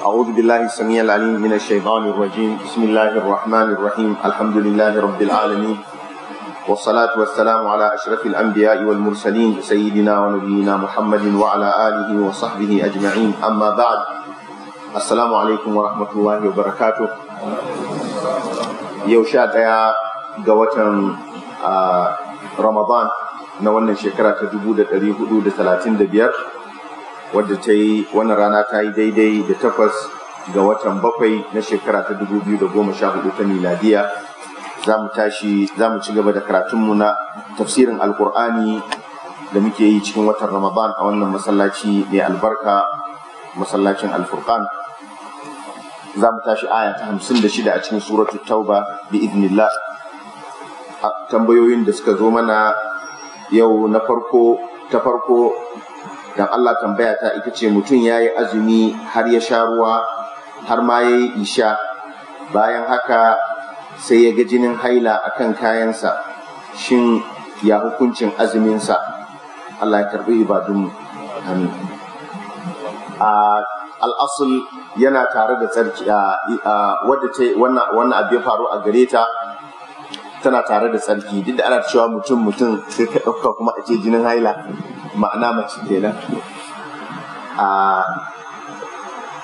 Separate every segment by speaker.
Speaker 1: أعوذ بالله السميع العليم من الشيطان الرجيم بسم الله الرحمن الرحيم الحمد لله رب العالمين والصلاة والسلام على أشرف الأنبياء والمرسلين سيدنا ونبينا محمد وعلى آله وصحبه أجمعين أما بعد السلام عليكم ورحمة الله وبركاته يوشات يا قوة رمضان na wannan shekara ta 1435 wadda ta yi wannan rana ta yi daidai da takwas ga watan bakwai na shekara ta dubu biyu da goma sha hudu ta miladiya za mu tashi za mu ci gaba da karatunmu na tafsirin alkur'ani da muke yi cikin watan ramadan a wannan masallaci mai albarka masallacin alfurqan za mu tashi aya ta hamsin da shida a cikin suratu tauba bi idnillah tambayoyin da suka zo mana yau na farko ta farko dan Allah tambaya ta ita ce mutum ya yi azumi har ya sha ruwa har ma ya yi isha bayan haka sai ya ga jinin haila a kan kayansa shin ya hukuncin azuminsa Allah ya karbi ibadunmu amin al'asul yana tare da tsarki wadda ta wannan abu ya faru a gare ta tana tare da tsarki duk da ana cewa mutum mutum sai ka ɗauka kuma a ce jinin haila ma'ana mace kenan a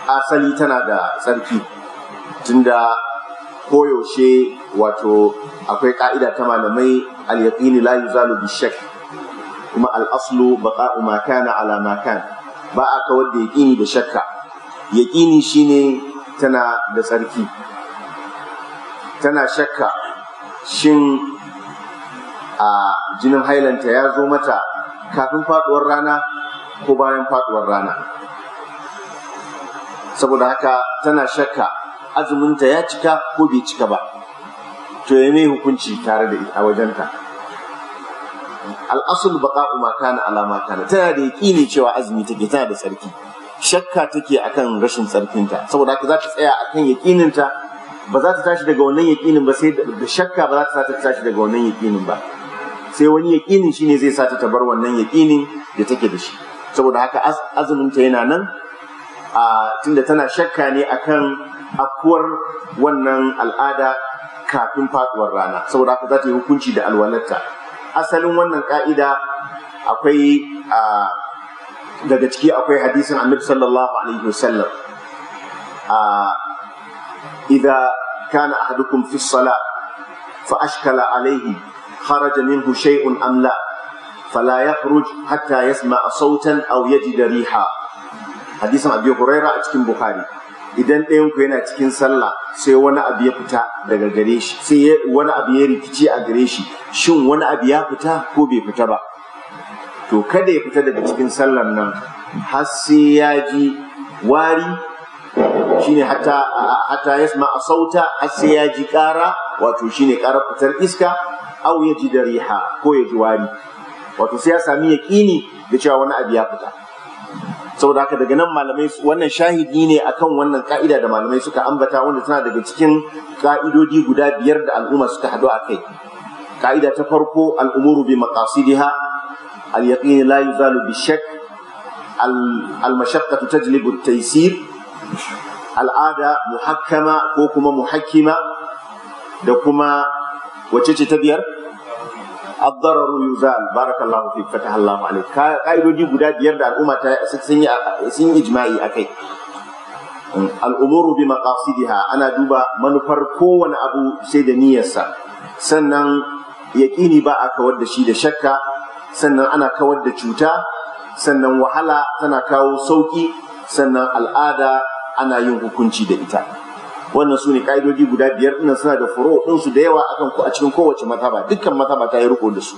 Speaker 1: asali tana da tsarki tunda koyaushe wato akwai ka'ida ta malamai al'yaqini, yaqini la yuzalu bishak kuma al-aslu baqa'u ma kana ala ba a kawar da yaqini da shakka yaqini shine tana da tsarki tana shakka shin a jinin hailanta ya zo mata kafin faduwar rana ko bayan faduwar rana saboda haka tana shakka azuminta ya cika ko bai cika ba to ya mai hukunci tare da a wajenta al'asul baƙa ma kana alama kana tana da ne cewa azumi take tana da tsarki shakka take akan rashin tsarkinta saboda haka za ta tsaya akan yaƙininta ba za ta tashi daga wannan yaƙinin ba sai da shakka ba za ta tashi daga wannan yaƙinin ba sai wani yaƙinin shi ne zai sa ta bar wannan yaƙinin da take da shi saboda haka azumin ta yana nan a tunda tana shakka ne akan akuwar wannan al'ada kafin faduwar rana saboda haka za ta yi hukunci da alwalarta asalin wannan ka'ida akwai a daga ciki akwai hadisin annabi sallallahu alaihi wasallam a idza kana ahadukum fi salat fa ashkala alaihi خرج منه شيء أم لا فلا يخرج حتى يسمع صوتا أو يجد ريحا حديث أبي هريرة أتكين بخاري idan ɗayan ku yana cikin sallah sai wani abu ya fita daga gare shi sai wani abu ya rikici a gare shi shin wani abu ya fita ko bai fita ba to kada ya fita daga cikin sallar nan har sai ya ji wari shine hatta hatta yasma sauta har sai ya ji ƙara wato shine ƙara fitar iska au ya ji da riha ko ya ji wari wato sai ya sami yaƙini da cewa wani abu ya fita saboda haka daga nan malamai wannan shahidi ne akan wannan ka'ida da malamai suka ambata wanda tana daga cikin ka'idodi guda biyar da al'umma suka haɗu a kai ka'ida ta farko al'umuru bi maqasidiha al-yaqin la yuzalu bi shakk al-mashaqqatu tajlibu at-taysir al'ada muhakkama ko kuma muhakkima da kuma wacce ce ta biyar ad-dararu yuzal barakallahu fik fataha alayk ka'idodi guda biyar da al'umma ta sun yi sun ijma'i akai mm, al'umuru bi maqasidiha ana duba manufar kowane abu sai da niyyarsa sannan yaƙini ba a kawar da shi da shakka sannan ana kawar da cuta sannan wahala tana kawo sauƙi sannan al'ada ana yin hukunci da ita wannan su ne ka'idoji guda biyar ina suna da furo ɗinsu da yawa akan ku a cikin kowace mataba. dukkan mataba ta yi riko da su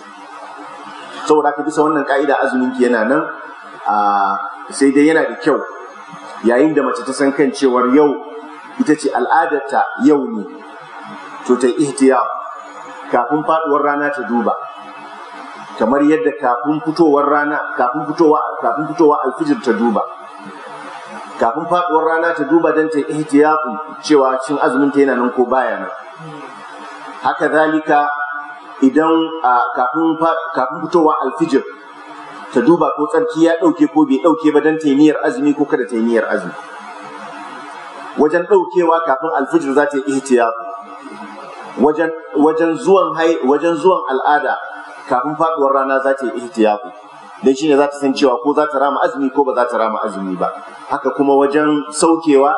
Speaker 1: saboda ka bisa wannan ka'ida azumin ki yana nan sai dai yana da kyau yayin da mace ta san kan cewar yau ita ce al'adarta yau ne to ta ihtiyar kafin faduwar rana ta duba kamar yadda kafin fitowar rana kafin fitowa kafin fitowa alfijir ta duba kafin faduwar rana ta duba don ta ihtiyatu cewa cin azumin ta yana nan ko baya nan haka zalika idan kafin fitowa alfijir ta duba ko tsarki ya ɗauke ko bai ɗauke ba don ta yi niyyar azumi ko kada ta yi niyyar azumi wajen ɗaukewa kafin alfijir za ta yi ihtiyatu wajen zuwan al'ada kafin faduwar rana za ta yi ihtiyatu dan shine za ta san cewa ko za ta rama azumi ko ba za ta rama azumi ba haka kuma wajen saukewa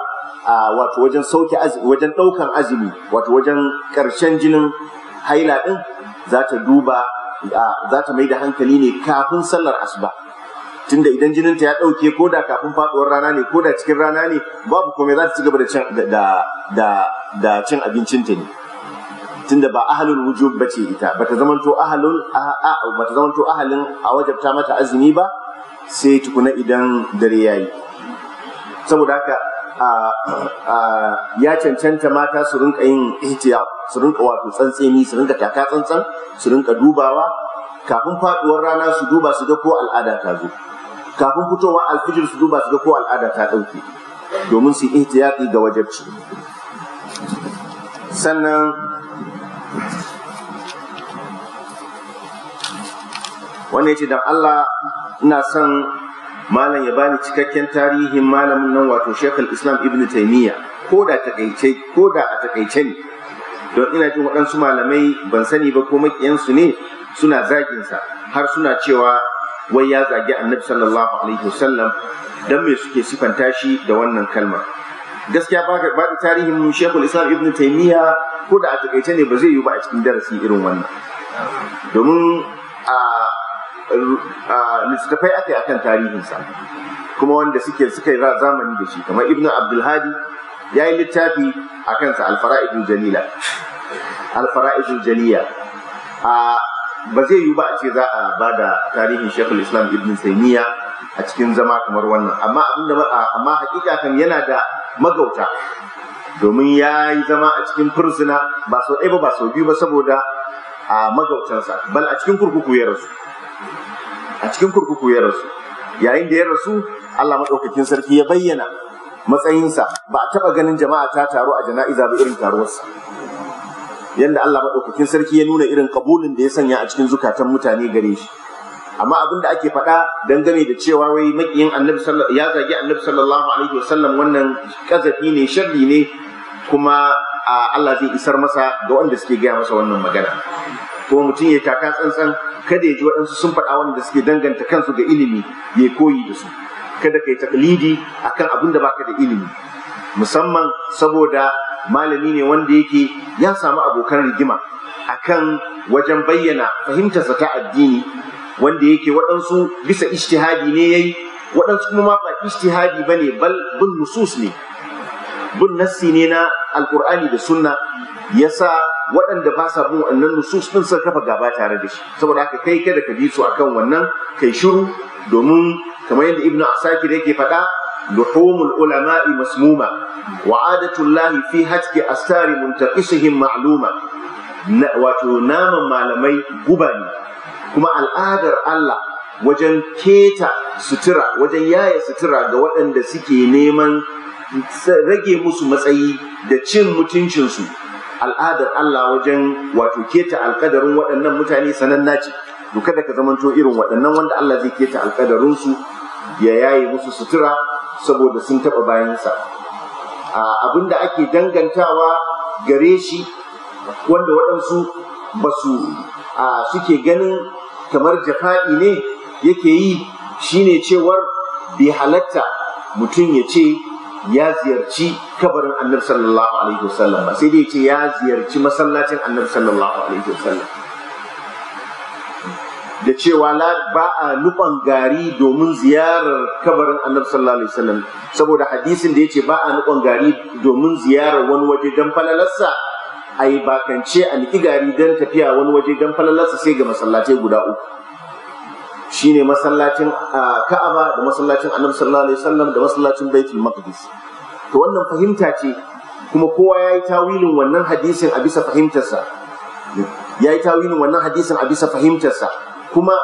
Speaker 1: a wato wajen sauke azumi wajen daukan azumi wato wajen karshen jinin haila din za ta duba za ta mai da hankali ne kafin sallar asuba tunda idan jininta ya dauke ko da kafin faduwar rana ne ko da cikin rana ne babu komai za ta ci gaba da cin abincinta ne tunda ba ahalul wujub bace ita bata zamanto ahalul bata zamanto ahalin a wajabta mata azumi ba sai tukuna idan dare yayi saboda haka ya cancanta mata su rinka yin ihtiyar su rinka wato tsantseni su rinka taka tsantsan su rinka dubawa kafin faduwar rana su duba su ga ko al'ada ta zo kafin fitowa alfijir su duba su ga ko al'ada ta dauke domin su ihtiyati ga wajabci sannan wannan ce dan Allah ina son malam ya bani cikakken tarihin malamin nan wato Sheikh Islam Ibn Taimiyya ko da takaice ko da a takaice ne don ina jin waɗansu malamai ban sani ba ko makiyansu ne suna zaginsa har suna cewa wai ya zagi annabi sallallahu alaihi wasallam don me suke sifanta shi da wannan kalmar gaskiya ba ba tarihin Sheikhul Islam Ibn Taymiyyah ko da a takaice ne ba zai yi ba a cikin darasi irin wannan domin a a aka akai akan tarihinsa kuma wanda suke suka yi zamani da shi kamar Ibn Abdul Hadi ya yi littafi a kansa Al-Fara'idul Jalila al Jalila a ba zai yi ba a ce za a bada tarihin Sheikhul Islam Ibn Taymiyyah a cikin zama kamar wannan amma amma hakika kan yana da magauta domin ya yi zama a cikin fursuna ba sau ɗaya ba ba sau biyu ba saboda a magautansa bal a cikin kurkuku ya rasu a cikin kurkuku ya rasu yayin da ya rasu Allah maɗaukakin sarki ya bayyana matsayinsa ba a taɓa ganin jama'a ta taru a jana'iza ba irin taruwarsa yadda Allah maɗaukakin sarki ya nuna irin kabulin da ya sanya a cikin zukatan mutane gare shi amma abin da ake faɗa dangane da cewa wai makiyin annabi ya zagi annabi sallallahu alaihi wasallam wannan kazafi ne sharri ne kuma Allah zai isar masa ga wanda suke gaya masa wannan magana Ko mutum ya taka tsantsan kada ya ji waɗansu sun faɗa wanda suke danganta kansu ga ilimi ya koyi da su kada ka yi taklidi akan abin da baka da ilimi musamman saboda malami ne wanda yake ya samu abokan rigima akan wajen bayyana fahimtarsa ta addini wanda yake waɗansu bisa ijtihadi ne yayi waɗansu kuma ma ba ijtihadi bane bal bin nusus ne bin nassi ne na Alƙur'ani da sunna sa waɗanda ba sa bin wannan nusus ɗin sun kafa gaba tare da shi saboda haka kai kada ka bi su akan wannan kai shiru domin kamar yadda ibnu asakir yake faɗa luhumul ulama'i masmuma wa adatullahi fi hatki astari muntaqisihim ma'luma wato naman malamai guba ne kuma al'adar Allah wajen keta sutura wajen yaya sutura ga waɗanda suke neman rage musu matsayi da cin mutuncinsu al'adar Allah wajen wato keta alkadarin waɗannan mutane sananna ce doka kada ka zamanto irin waɗannan wanda Allah zai keta alkadarinsu ya yaye musu sutura saboda sun taɓa bayansa abinda ake dangantawa gare shi wanda waɗansu ba su suke ganin kamar jafa'i ne yake yi shine cewar bi halatta mutum ya ce ya ziyarci kabarin annabi sallallahu alaihi wasallam ba sai dai ce ya ziyarci masallacin annabi sallallahu alaihi wasallam da cewa ba a nufan gari domin ziyarar kabarin annabi sallallahu alaihi wasallam saboda hadisin da ya ce ba a nufan gari domin ziyarar wani waje don falalarsa ai yi bakance a niki gari don tafiya wani waje don falalarsa sai ga masallatai guda uku shine masallacin Ka'aba da masallacin Annabi sallallahu alaihi wasallam da masallacin Baitul Maqdis to wannan fahimta ce kuma kowa ya yi tawilin wannan hadisin a bisa fahimtarsa ya yi tawilin wannan hadisin a bisa fahimtarsa kuma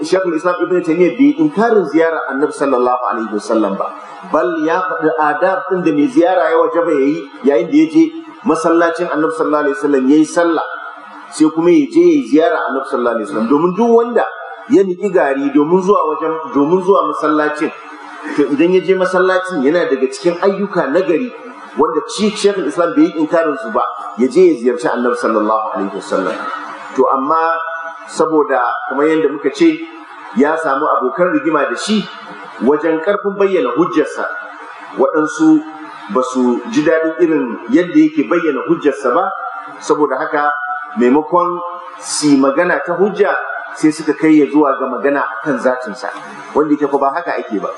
Speaker 1: shekul islam ibn taymiya bai inkarin ziyara annabi sallallahu alaihi wasallam ba bal ya faɗi adab ɗin da mai ziyara ya wajaba yayi yayin da ya je masallacin annabi sallallahu alaihi wasallam yayi sallah sai kuma ya je ya ziyara annabi sallallahu alaihi wasallam domin duk wanda ya niki gari domin zuwa wajen domin zuwa masallacin to idan ya je masallacin yana daga cikin ayyuka na gari wanda ci shekul islam bai yi inkarin su ba ya je ya ziyarci annabi sallallahu alaihi wasallam to amma saboda kamar yadda muka ce ya samu abokan rigima da shi wajen karfin bayyana hujjarsa waɗansu ba su ji daɗin irin yadda yake bayyana hujjarsa ba saboda haka maimakon si magana ta hujja sai suka kai ya zuwa ga magana akan zatinsa wanda yake ba haka ake ba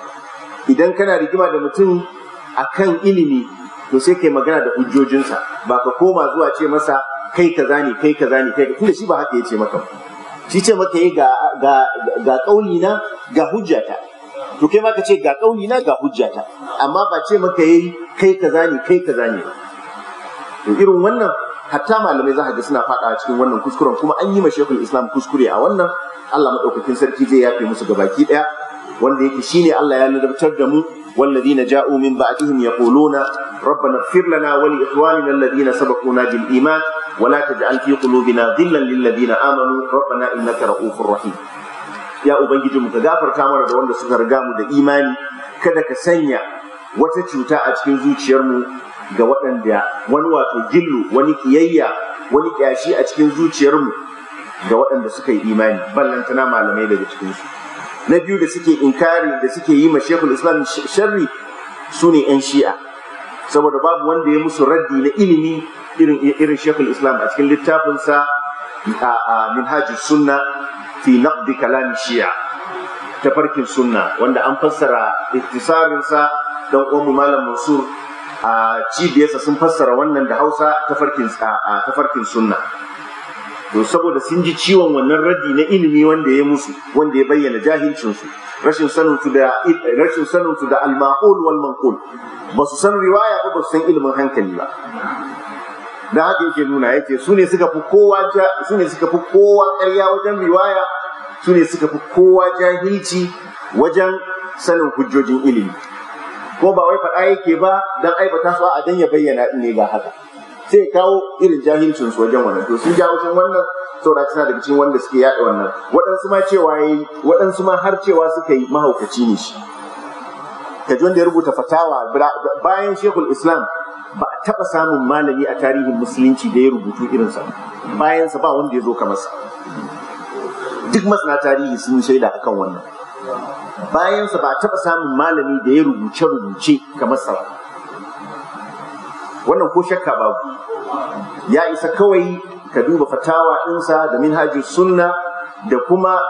Speaker 1: idan kana rigima da mutum akan ilimi to sai kai magana da hujjojinsa ba ka koma zuwa ce masa kai ka zani kai ka zani kai tunda shi ba haka ya ce maka shi ce maka yi eh, ga ƙaunina ga hujjata to kai ma ka ce ga kauli na ga hujjata amma ba ce maka yayi kai kaza ne kai kaza ne to irin wannan hatta malamai za a ga suna fada cikin wannan kuskuren kuma an yi ma shekul islam kuskure a wannan Allah madaukakin sarki zai yafe musu gabaki daya wanda yake shine Allah ya ladabtar da mu والذين جاءوا من بعدهم يقولون ربنا اغفر لنا ولإخواننا الذين سبقونا بالإيمان ولا تجعل في قلوبنا ذلا للذين آمنوا ربنا إنك رؤوف رحيم ya ubangiji mu ka gafarta mana da wanda suka riga mu da imani kada ka sanya wata cuta a cikin zuciyarmu ga waɗanda wani wato gillu wani kiyayya wani kyashi a cikin zuciyarmu ga waɗanda suka yi imani ballantana malamai daga cikinsu na biyu da suke inkari da suke yi ma shekul islam sharri su ne 'yan shi'a saboda babu wanda ya musu raddi na ilimi irin irin shekul islam a cikin littafinsa a minhajus sunna fi naqdi kalam shi'a tafarkin sunna wanda an fassara iktisarin dan uwan malam Mansur a cibiyarsa sun fassara wannan da Hausa tafarkin tafarkin sunna to saboda sun ji ciwon wannan radi na ilimi wanda ya musu wanda ya bayyana jahilcinsu, rashin saninsu da rashin sanin su da al-ma'qul ba su san riwaya ba ba su san ilimin hankali ba da haka yake nuna yake su ne suka fi kowa su suka fi kowa ƙarya wajen riwaya su ne suka fi kowa jahilci wajen sanin hujjojin ilimi ko ba wai faɗa yake ba dan aibata su a dan ya bayyana ne ga haka sai kawo irin jahilcin su wajen wannan to sun ja wajen wannan saura tana daga cikin wanda suke yaɗa wannan waɗansu ma cewa yi waɗansu ma har cewa suka yi mahaukaci ne shi kaji wanda ya rubuta fatawa bayan shekul islam ba a taɓa samun malami a tarihin musulunci da ya rubutu irinsa bayansa ba wanda ya zo kamar sa duk masana tarihi sun shaida kan wannan bayansa ba a taɓa samun malami da ya rubuce rubuce kamar sa wannan ko shakka babu ya isa kawai ka duba fatawa Insa da minhajus sunna da kuma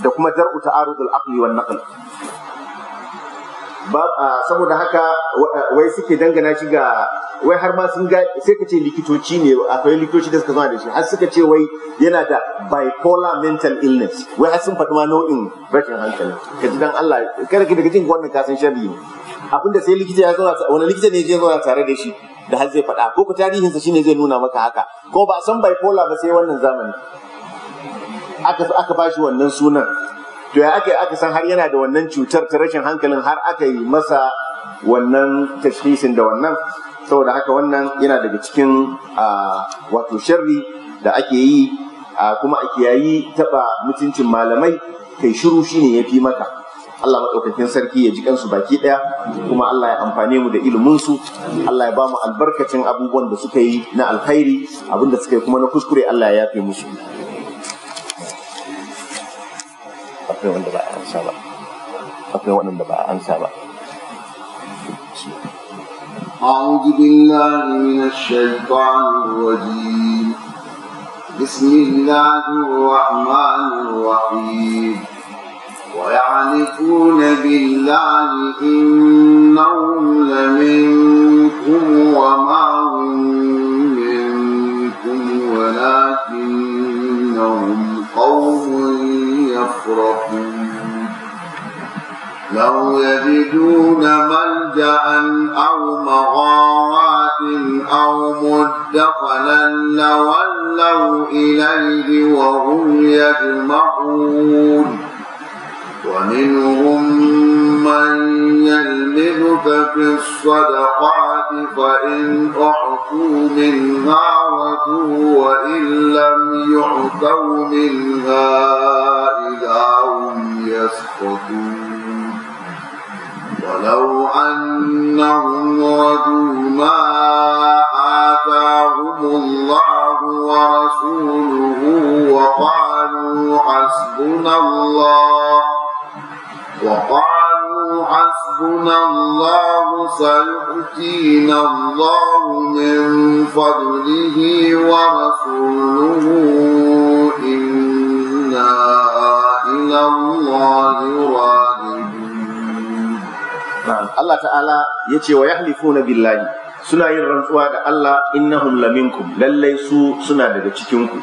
Speaker 1: da kuma dar'u ta'arudul aqli wan naql saboda haka wai suke dangana shi ga wai har ma sun ga sai ka ce likitoci ne akwai likitoci da suka zama da shi har suka ce wai yana da bipolar mental illness wai har sun faɗi ma nau'in rashin hankali ka ji dan Allah kada ki daga jin wannan kasan sharri ne abinda sai likita ya zauna wani likita ne ya zauna tare da shi da har zai faɗa ko tarihin tarihinsa shine zai nuna maka haka ko ba san bipolar ba sai wannan zamani aka aka bashi wannan sunan to ya aka aka san har yana da wannan cutar ta rashin hankalin har aka yi masa wannan tashkisin da wannan saboda haka wannan yana daga cikin wato sharri da ake yi kuma a kiyayi taba mutuncin malamai kai shiru shine fi maka Allah maɗaukakin sarki ya ji kansu baki ɗaya kuma Allah ya amfani mu da iliminsu Allah ya ba mu albarkacin abubuwan da suka yi na alkhairi abinda suka yi kuma na kuskure Allah ya yafe musu akwai wanda ba a ansa ba akwai waɗanda ba a ansa ba
Speaker 2: أعوذ بالله من الشيطان الرجيم بسم الله الرحمن الرحيم ويعرفون بالله إنهم لمنكم وما هم منكم ولكنهم قوم يفرحون لو يجدون ملجأ أو مغارات أو مدخلا لولوا إليه وهم يجمعون ومنهم من يلمذك ففي الصدقات فإن أعطوا منها رضوا وإن لم يعطوا منها إذا هم
Speaker 3: يسخطون
Speaker 2: ولو أنهم رضوا ما آتاهم الله ورسوله وقالوا حسبنا الله وقالوا حسبنا الله سيؤتينا الله من فضله ورسوله إنا إلى الله ya الله تعالى يتي ويحلفون بالله suna yin
Speaker 1: rantsuwa da Allah innahum laminkum lallai su suna daga cikinku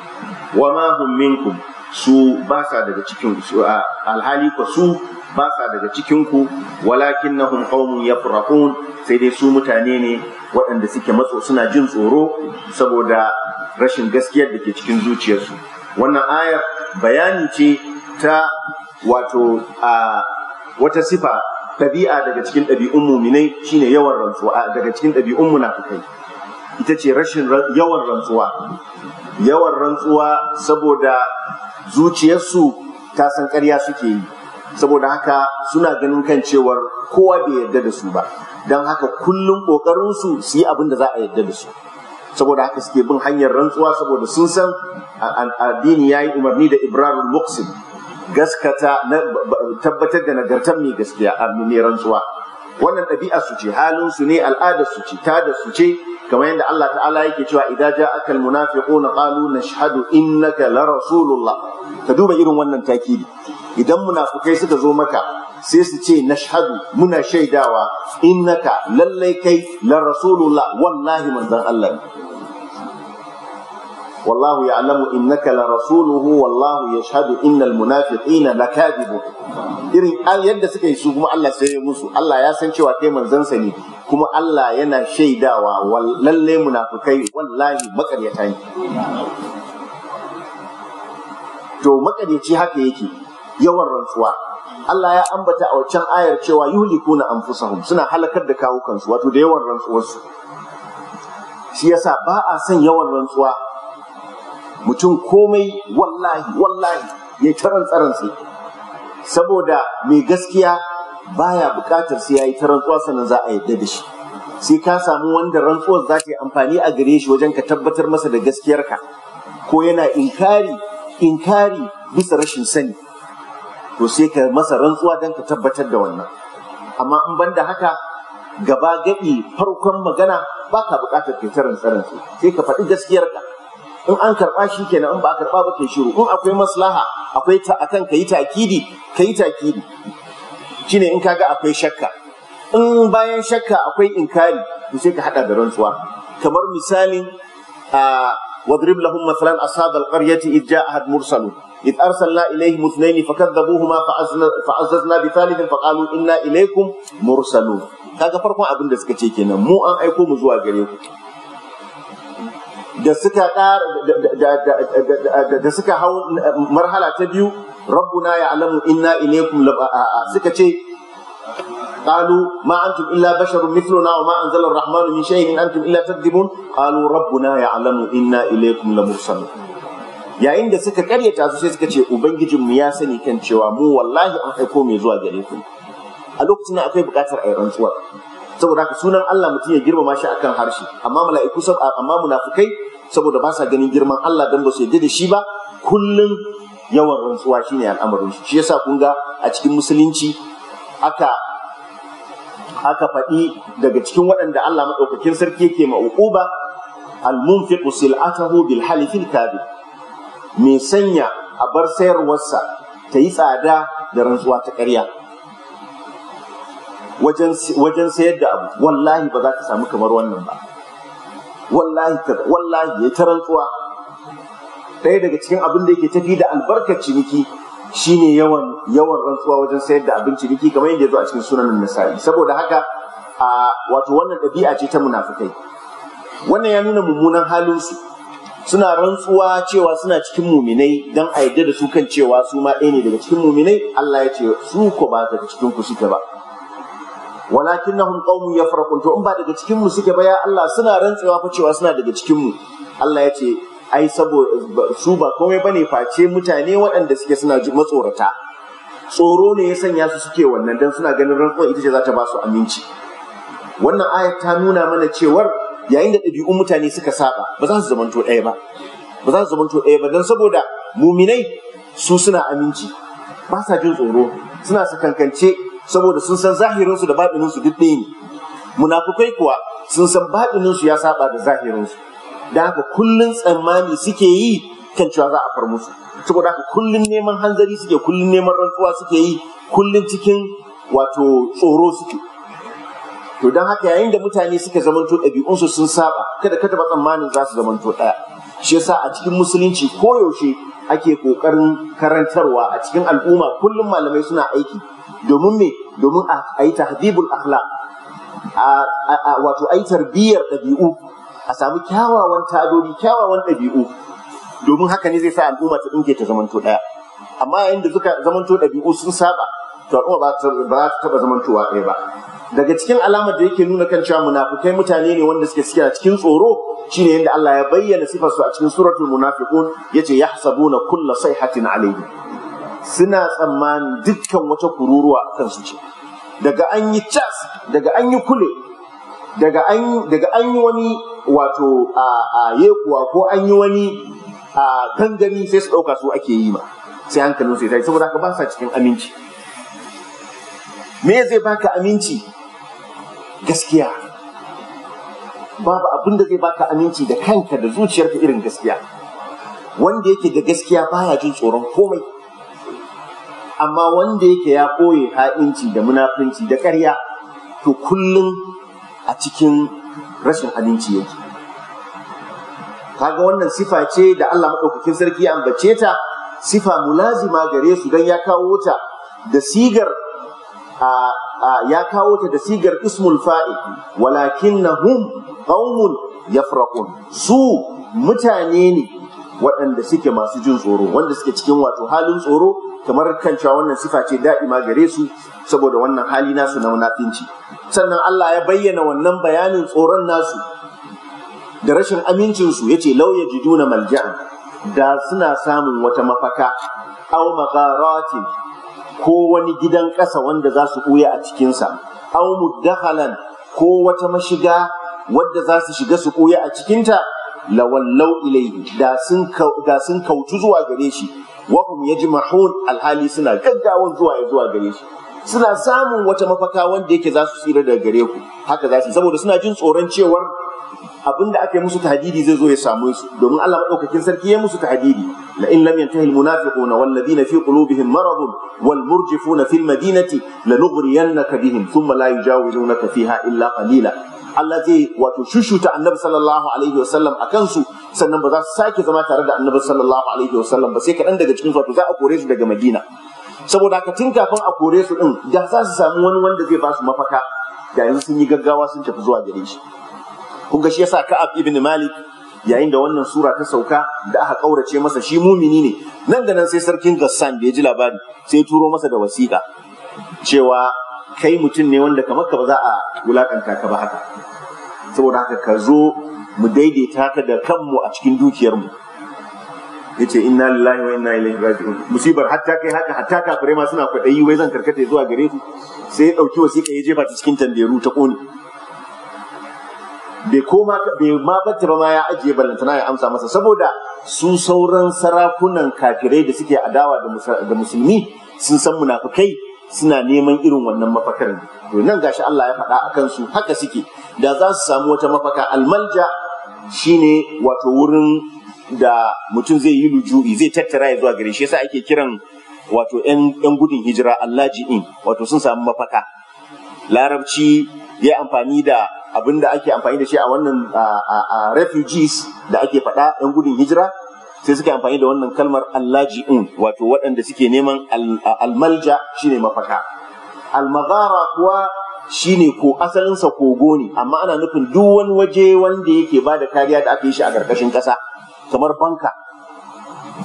Speaker 1: wa ma hum minkum su ba sa daga cikin su alhali ko su ba sa daga cikinku walakin na qaumun yafrahun sai dai su mutane ne waɗanda suke matso suna jin tsoro saboda rashin gaskiyar da ke cikin zuciyarsu wannan ayar bayani ce ta wato a wata sifa ɗabi'a daga cikin ɗabi'un muminai shine yawan rantsuwa daga cikin ɗabi'un munafikai ita ce rashin yawan rantsuwa yawan rantsuwa saboda zuciyarsu ta san ƙarya suke yi saboda haka suna ganin kan cewar kowa bai yarda da su ba don haka kullum ƙoƙarinsu su yi abin da za a yarda da su saboda haka suke bin hanyar rantsuwa saboda sun san addini ya yi umarni da Ibrahim muqsim gaskata na tabbatar da nagartar mai gaskiya a mai rantsuwa wannan ɗabi'a su ce halin su ne al'adar su ce ta da su ce kamar yadda Allah ta'ala yake cewa idza ja'aka almunafiquna qalu nashhadu innaka la rasulullah ka duba irin wannan takiri, idan munafukai suka zo maka sai su ce nashhadu muna shaidawa innaka lallai kai la rasulullah wallahi manzon Allah والله يعلم إنك لرسوله والله يشهد إن المنافقين لكاذبون irin an yadda suka yi su kuma Allah sai ya musu Allah ya san cewa kai sa ne kuma Allah yana shaidawa lalle munafikai wallahi makaryata ne to makaryaci haka yake yawan rantsuwa Allah ya ambata a waccan ayar cewa yuhlikuna anfusahum suna halakar da kawukansu wato da yawan rantsuwarsu shi yasa ba a son yawan rantsuwa mutum komai wallahi wallahi ya taran tsaransa saboda mai gaskiya baya bukatar sai ya yi rantsuwa sannan za a yadda da shi sai ka samu wanda rantsuwar za ta yi amfani a gare shi wajen ka tabbatar masa da gaskiyarka ko yana inkari inkari bisa rashin sani to sai ka masa rantsuwa don ka tabbatar da wannan amma in banda haka gaba gaɗi farkon magana ba ka bukatar ka ta rantsa sai ka faɗi gaskiyarka in an karɓa shi kenan in ba a karɓa ba kai shiru in akwai maslaha akwai ta akan ka yi takidi ka yi takidi shine in kaga akwai shakka in bayan shakka akwai inkari to sai ka hada da rantsuwa kamar misalin a واضرب لهم مثلا اصحاب القريه mursalu جاء arsalna مرسل اذ ارسلنا اليهم اثنين bi فعززنا بثالث فقالوا inna اليكم mursalu kaga farkon abin da suka ce kenan mu an aiko mu zuwa gare ku da suka da suka hau marhala ta biyu rabbuna ya alamu inna laba'a suka ce قالوا ما أنتم إلا بشر مثلنا وما أنزل الرحمن من شيء إن أنتم إلا تكذبون قالوا ربنا يعلم إنا إليكم لمرسلون yayin da suka karyata su sai suka ce mu ya sani kan cewa mu wallahi an aiko mai zuwa gare ku a lokacin akwai bukatar a yi rantsuwa saboda haka sunan Allah mutum ya girmama shi akan harshe amma mala'iku munafukai saboda ba sa ganin girman Allah dan ba su yadda da shi ba kullum yawan rantsuwa shine al'amarin shi shi yasa kun ga a cikin musulunci aka faɗi daga cikin waɗanda Allah maɗaukakin sarki yake ma'uquba al-munfiqu sil'atahu bil halifil kabi, mai sanya a bar sayarwarsa ta yi tsada da rantsuwa ta ƙarya wajen sayar da abu wallahi ba za ta samu kamar wannan ba wallahi wallahi ya tarantsuwa ɗaya daga cikin abin da yake tafi da albarkar ciniki shine yawan yawan rantsuwa wajen sayar da abin ciniki kamar yadda ya zo a cikin sunan nasari saboda haka a wato wannan ɗabi'a ce ta munafukai wannan ya nuna mummunan halinsu suna rantsuwa cewa suna cikin muminai dan a yadda da su kan cewa su ma ɗaya ne daga cikin muminai Allah ya ce su ko ba daga cikin ku suke ba walakin nahum qaumun yafraqun to in ba daga cikin mu suke ba ya Allah suna rantsewa fa cewa suna daga cikin mu Allah ya ce ai saboda su ba komai bane face mutane waɗanda suke suna matsorata tsoro ne ya sanya su suke wannan dan suna ganin rantsuwa ita ce za ta ba su aminci wannan ayat ta nuna mana cewar yayin da ɗabi'un mutane suka saba ba za su zamanto ɗaya ba ba za su zamanto ɗaya ba dan saboda muminai su suna aminci ba sa jin tsoro suna sakankance saboda sun san zahirinsu da baɗininsu duk ɗaya ne munafukai kuwa sun san baɗininsu ya saba da zahirinsu da haka kullun tsammani suke yi kan cewa za a far musu saboda haka kullun neman hanzari suke kullun neman rantsuwa suke yi kullun cikin wato tsoro suke to don haka yayin da mutane suka zamanto ɗabi'unsu sun saba kada ka taɓa tsammanin za su zamanto ɗaya shi yasa a cikin musulunci koyaushe ake ƙoƙarin karantarwa a cikin al'umma kullum malamai suna aiki domin me domin a yi tahdibul akhla a wato a yi tarbiyyar ɗabi'u a samu kyawawan tadodi kyawawan ɗabi'u domin haka ne zai sa al'umma ta dinke ta zamanto ɗaya amma yayin da suka zamanto ɗabi'u sun saba to al'umma ba ta taɓa zamantowa ɗaya ba daga cikin alamar da yake nuna kan cewa munafikai mutane ne wanda suke suke a cikin tsoro shine yadda Allah ya bayyana sifarsu a cikin suratul munafiqun yace yahsabuna kulla sayhatin alayhi suna tsammanin dukkan wata kururuwa kansu ce daga an yi cas daga an yi kule daga an yi wani wato a yekuwa ko an yi wani a gangami sai su ɗauka su ake yi ma sai hankalin sai saboda ka ba sa cikin aminci me zai baka aminci gaskiya babu abin da zai baka aminci da kanka da zuciyarka irin gaskiya wanda yake da gaskiya baya jin tsoron komai amma wanda yake ya koye ha'inci da munafunci da ƙarya to kullum a cikin rashin abinci yake kaga wannan sifa ce da Allah maɗaukakin sarki ya ambace ta sifa mulazima gare su don ya kawo ta da sigar a ya kawo ta da sigar ismul fa'il qaumun yafraqun su mutane ne waɗanda suke masu jin tsoro wanda suke cikin wato halin tsoro kamar kan cewa wannan sifa ce da'ima gare su saboda wannan hali nasu na munafinci sannan Allah ya bayyana wannan bayanin tsoron nasu da rashin amincin su yace law yajiduna malja'an da suna samun wata mafaka aw magharatin ko wani gidan ƙasa wanda za su ɓuya a cikinsa aw muddahalan ko wata mashiga wadda za su shiga su ɓuya a cikinta lawallau ilaihi da sun kautu zuwa gare shi ya ji yajma'un alhali suna gaggawan zuwa zuwa gare shi suna samun wata mafaka wanda yake za su tsira daga gare ku haka za su saboda suna jin tsoron cewar abin da aka yi musu tahdidi zai zo ya samu su domin Allah madaukakin sarki ya musu tahdidi la in lam yantahi almunafiqun wal ladina fi qulubihim maradun wal murjifuna fil madinati lanughriyannaka bihim thumma la yujawizunaka fiha illa qalila Allah zai wato shushuta annabi sallallahu alaihi wasallam a kansu sannan ba za su sake zama tare da annabi sallallahu alaihi wasallam ba sai kaɗan daga cikin wato za a kore su daga madina saboda haka tun kafin a kore su din da za su samu wani wanda zai ba su mafaka da yanzu sun yi gaggawa sun tafi zuwa gare shi kun ga shi yasa ka'ab ibn malik yayin da wannan sura ta sauka da aka kaurace masa shi mumini ne nan da nan sai sarkin gassan da ya ji labari sai turo masa da wasiƙa cewa kai mutum ne wanda kamar ka ba za a wulakanta ka ba haka saboda haka ka zo mu daidaita ka da kanmu a cikin dukiyarmu ce inna lillahi wa inna ilaihi raji'un musibar hatta kai haka hatta kafirai ma suna kwaɗayi wai zan karkata zuwa gare su sai ya ɗauki wasiƙa ya jefa ta cikin tanderu ta ƙone bai koma bai ma batta ba ma ya ajiye ballantana ya amsa masa saboda su sauran sarakunan kafirai da suke adawa da musulmi sun san munafukai suna neman irin wannan mafakar ne to nan gashi Allah ya faɗa a kansu haka suke da za su samu wata mafaka almalja shine wato wurin da mutum zai yi luju'i zai tattara ya zuwa gare shi yasa ake kiran wato yan gudun hijira allaji'in wato sun samu mafaka larabci ya amfani da abin da ake amfani da shi a wannan refugees da ake faɗa yan gudun hijira sai suka amfani da wannan kalmar allaji'un wato waɗanda suke neman almalja shine mafaka almazara kuwa shine ko asalinsa kogo ne amma ana nufin duk wani waje wanda yake ba da kariya da aka yi shi a ƙarƙashin ƙasa kamar banka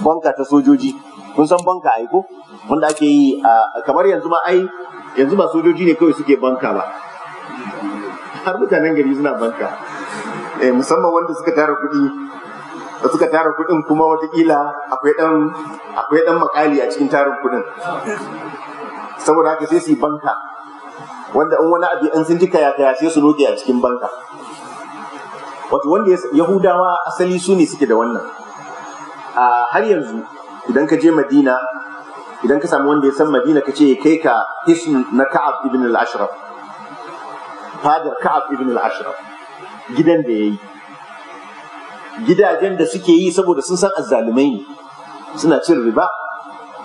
Speaker 1: banka ta sojoji kun san banka ai ko wanda ake yi kamar yanzu ma ai yanzu ba sojoji ne kawai suke banka ba har mutanen gari suna banka eh, musamman wanda suka tara kuɗi da suka tara kuɗin kuma watakila akwai ɗan akwai makali a cikin tarin kuɗin saboda haka sai su yi banka wanda in wani abu an sun ji kaya kaya sai su roke a cikin banka wato wanda yahudawa asali su ne suke da wannan a har yanzu idan ka je madina idan ka samu wanda ya san madina ka ce kai ka hisn na ka'ab ibn al-ashraf fadar ka'ab ibn al-ashraf gidan da yayi gidajen da suke yi saboda sun san azzalumai ne suna cin riba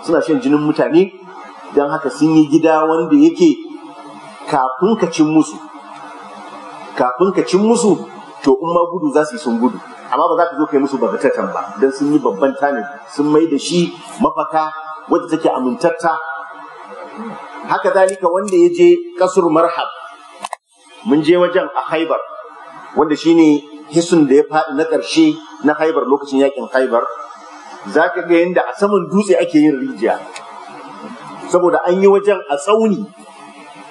Speaker 1: suna shan jinin mutane don haka sun yi gida wanda yake kafin ka cin musu kafin ka cin musu to in ma gudu za su yi sun gudu amma ba za ka zo kai musu bagatatan ba don sun yi babban tani sun mai da shi mafaka wadda take amintatta haka zalika wanda ya je kasur marhab mun je wajen a haibar wanda shine hisun da ya faɗi na ƙarshe na haibar lokacin yakin haibar za ka ga yadda a saman dutse ake yin rijiya saboda an yi wajen a tsauni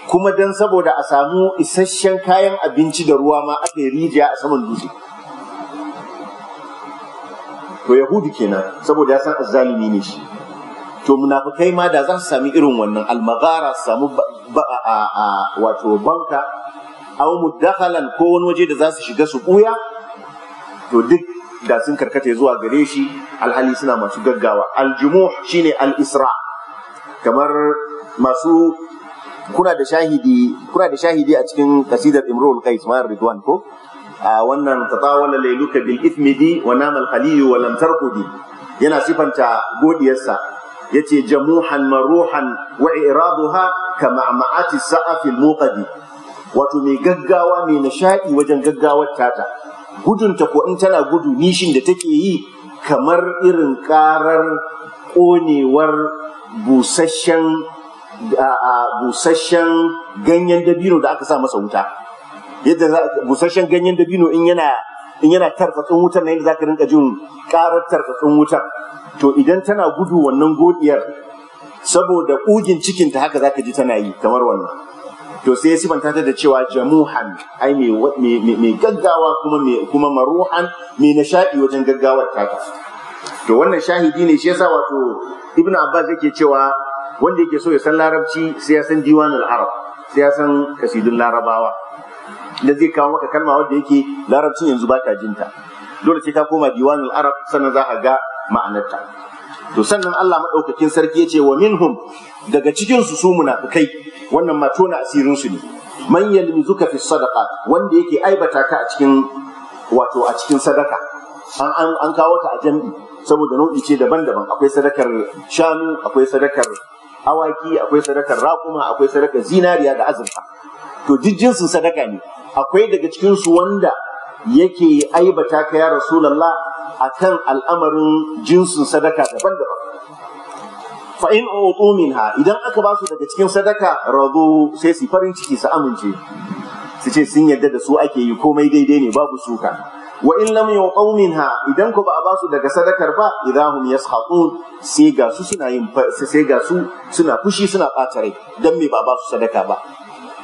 Speaker 1: kuma don saboda a samu isasshen kayan abinci da ruwa ma aka yi rijiya a saman dutse to yahudu kenan saboda ya san azzalimi ne shi to munafukai ma da za su sami irin wannan almagara su samu wato banka aw mudakhalan ko wani waje da za su shiga su buya to duk da sun karkata zuwa gare shi alhali suna masu gaggawa aljumuh shine al-isra kamar masu kuna da shahidi kuna da shahidi a cikin kasidar imrul qais ma ridwan ko a wannan tatawala lailuka bil ithmidi wa nama al khaliyu wa lam tarqudi yana sifanta godiyarsa yace jamuhan maruhan wa i'raduha ka ma'ma'ati sa'afil muqadi wato mai gaggawa mai nishaɗi wajen gaggawar tata gudunta ko in tana gudu nishin da take yi kamar irin karar ƙonewar busasshen ganyen dabino da aka sa masa wuta yadda busasshen ganyen dabino in yana in yana tarfatsin wutar na yadda za ka rinka jin karar tarfatsin wutar to idan tana gudu wannan godiyar saboda ƙugin cikinta haka za ka ji tana yi kamar wannan to sai ya sifanta ta da cewa jamuhan ai mai gaggawa kuma kuma maruhan mai nishadi wajen gaggawar ta to wannan shahidi ne shi yasa wato ibnu abbas yake cewa wanda yake so ya san larabci sai ya san diwanul arab sai ya san kasidun larabawa da zai kawo maka kalma wanda yake larabcin yanzu baka jinta dole sai ka koma diwanul arab sannan za ka ga ma'anarta to sannan Allah madaukakin sarki yace wa minhum daga cikin su su munafikai wannan ma tona asirin su ne man yalmizuka fi sadaqa wanda yake aibata ka a cikin wato a cikin sadaka an an, an kawo ta a jam'i saboda nau'i ce daban-daban akwai sadakar shanu akwai sadakar awaki akwai sadakar raƙuma akwai sadakar zinariya da azurfa to duk sadaka ne akwai daga cikin su wanda yake aibata ka ya rasulullah akan al'amarin jinsin sadaka daban-daban fa in utu minha idan aka ba su daga cikin sadaka radu sai su farin ciki su amince su ce sun yarda da su ake yi komai daidai ne babu suka wa in lam yuqaw minha idan ko ba a ba su daga sadakar ba idahum yashaqun sai ga su suna yin sai ga su suna fushi suna ɓata rai dan me ba ba su sadaka ba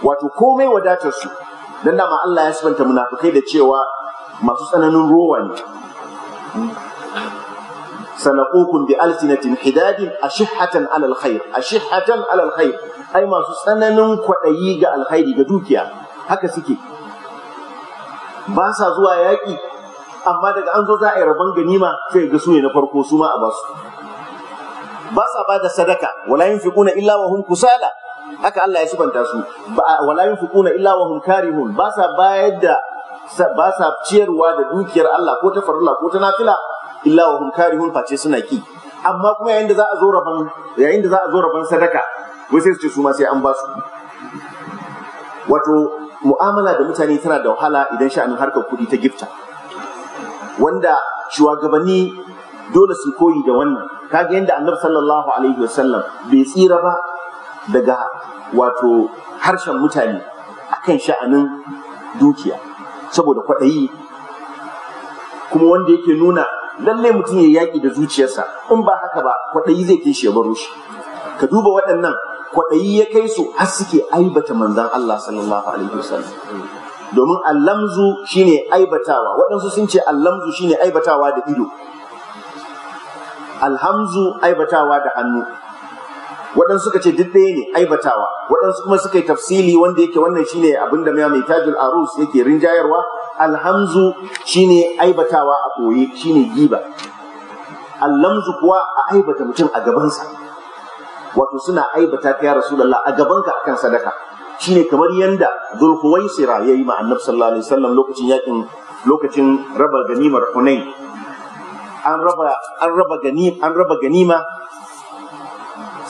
Speaker 1: wato komai wadatar su dan dama Allah ya sifanta munafikai da cewa masu tsananin ruwa ne sanaqukum bi alsinatin hidadin ashihatan shihatan khair ashihatan shihatan khair ai masu tsananin kwaɗayi ga alkhairi ga dukiya haka suke ba sa zuwa yaƙi amma daga an zo za a yi rabon ganima sai ga su na farko su ma a basu ba sa ba da sadaka wala yin fiƙuna illa wa hum kusala haka Allah ya sifanta su wala yunfiquna illa wa hum karihun ba sa bayar da ba sa ciyarwa da dukiyar Allah ko ta farilla ko ta nafila illa wa hum karihun face suna ki amma kuma yayin da za a zo rabon yayin da za a zo rabon sadaka wai sai su ce su ma sai an ba su wato mu'amala da mutane tana da wahala idan sha'anin harkar kuɗi ta gifta wanda shugabanni dole su koyi da wannan kaga yadda annabi sallallahu alaihi wasallam bai tsira ba daga wato harshen mutane akan sha'anin dukiya saboda kwaɗayi kuma wanda yake nuna lalle mutum ya yaƙi da zuciyarsa in ba haka ba kwaɗayi zai kai shi ya baro ka duba waɗannan kwaɗayi ya kai su har suke aibata manzan Allah sallallahu alaihi wasallam domin allamzu shine aibatawa waɗansu sun ce allamzu shine aibatawa da ido alhamzu aibatawa da hannu waɗansu suka ce duk ɗaya ne aibatawa waɗansu kuma suka yi tafsili wanda yake wannan shine abin da mai tajul arus yake rinjayarwa alhamzu shine aibatawa a koyi shine giba allamzu kuwa a aibata mutum a gabansa wato suna aibata ka ya rasulullah a gabanka akan sadaka shine kamar yanda zulhuwaisira yayi ma annabi sallallahu alaihi wasallam lokacin yakin lokacin raba ganimar hunain an raba an raba ganima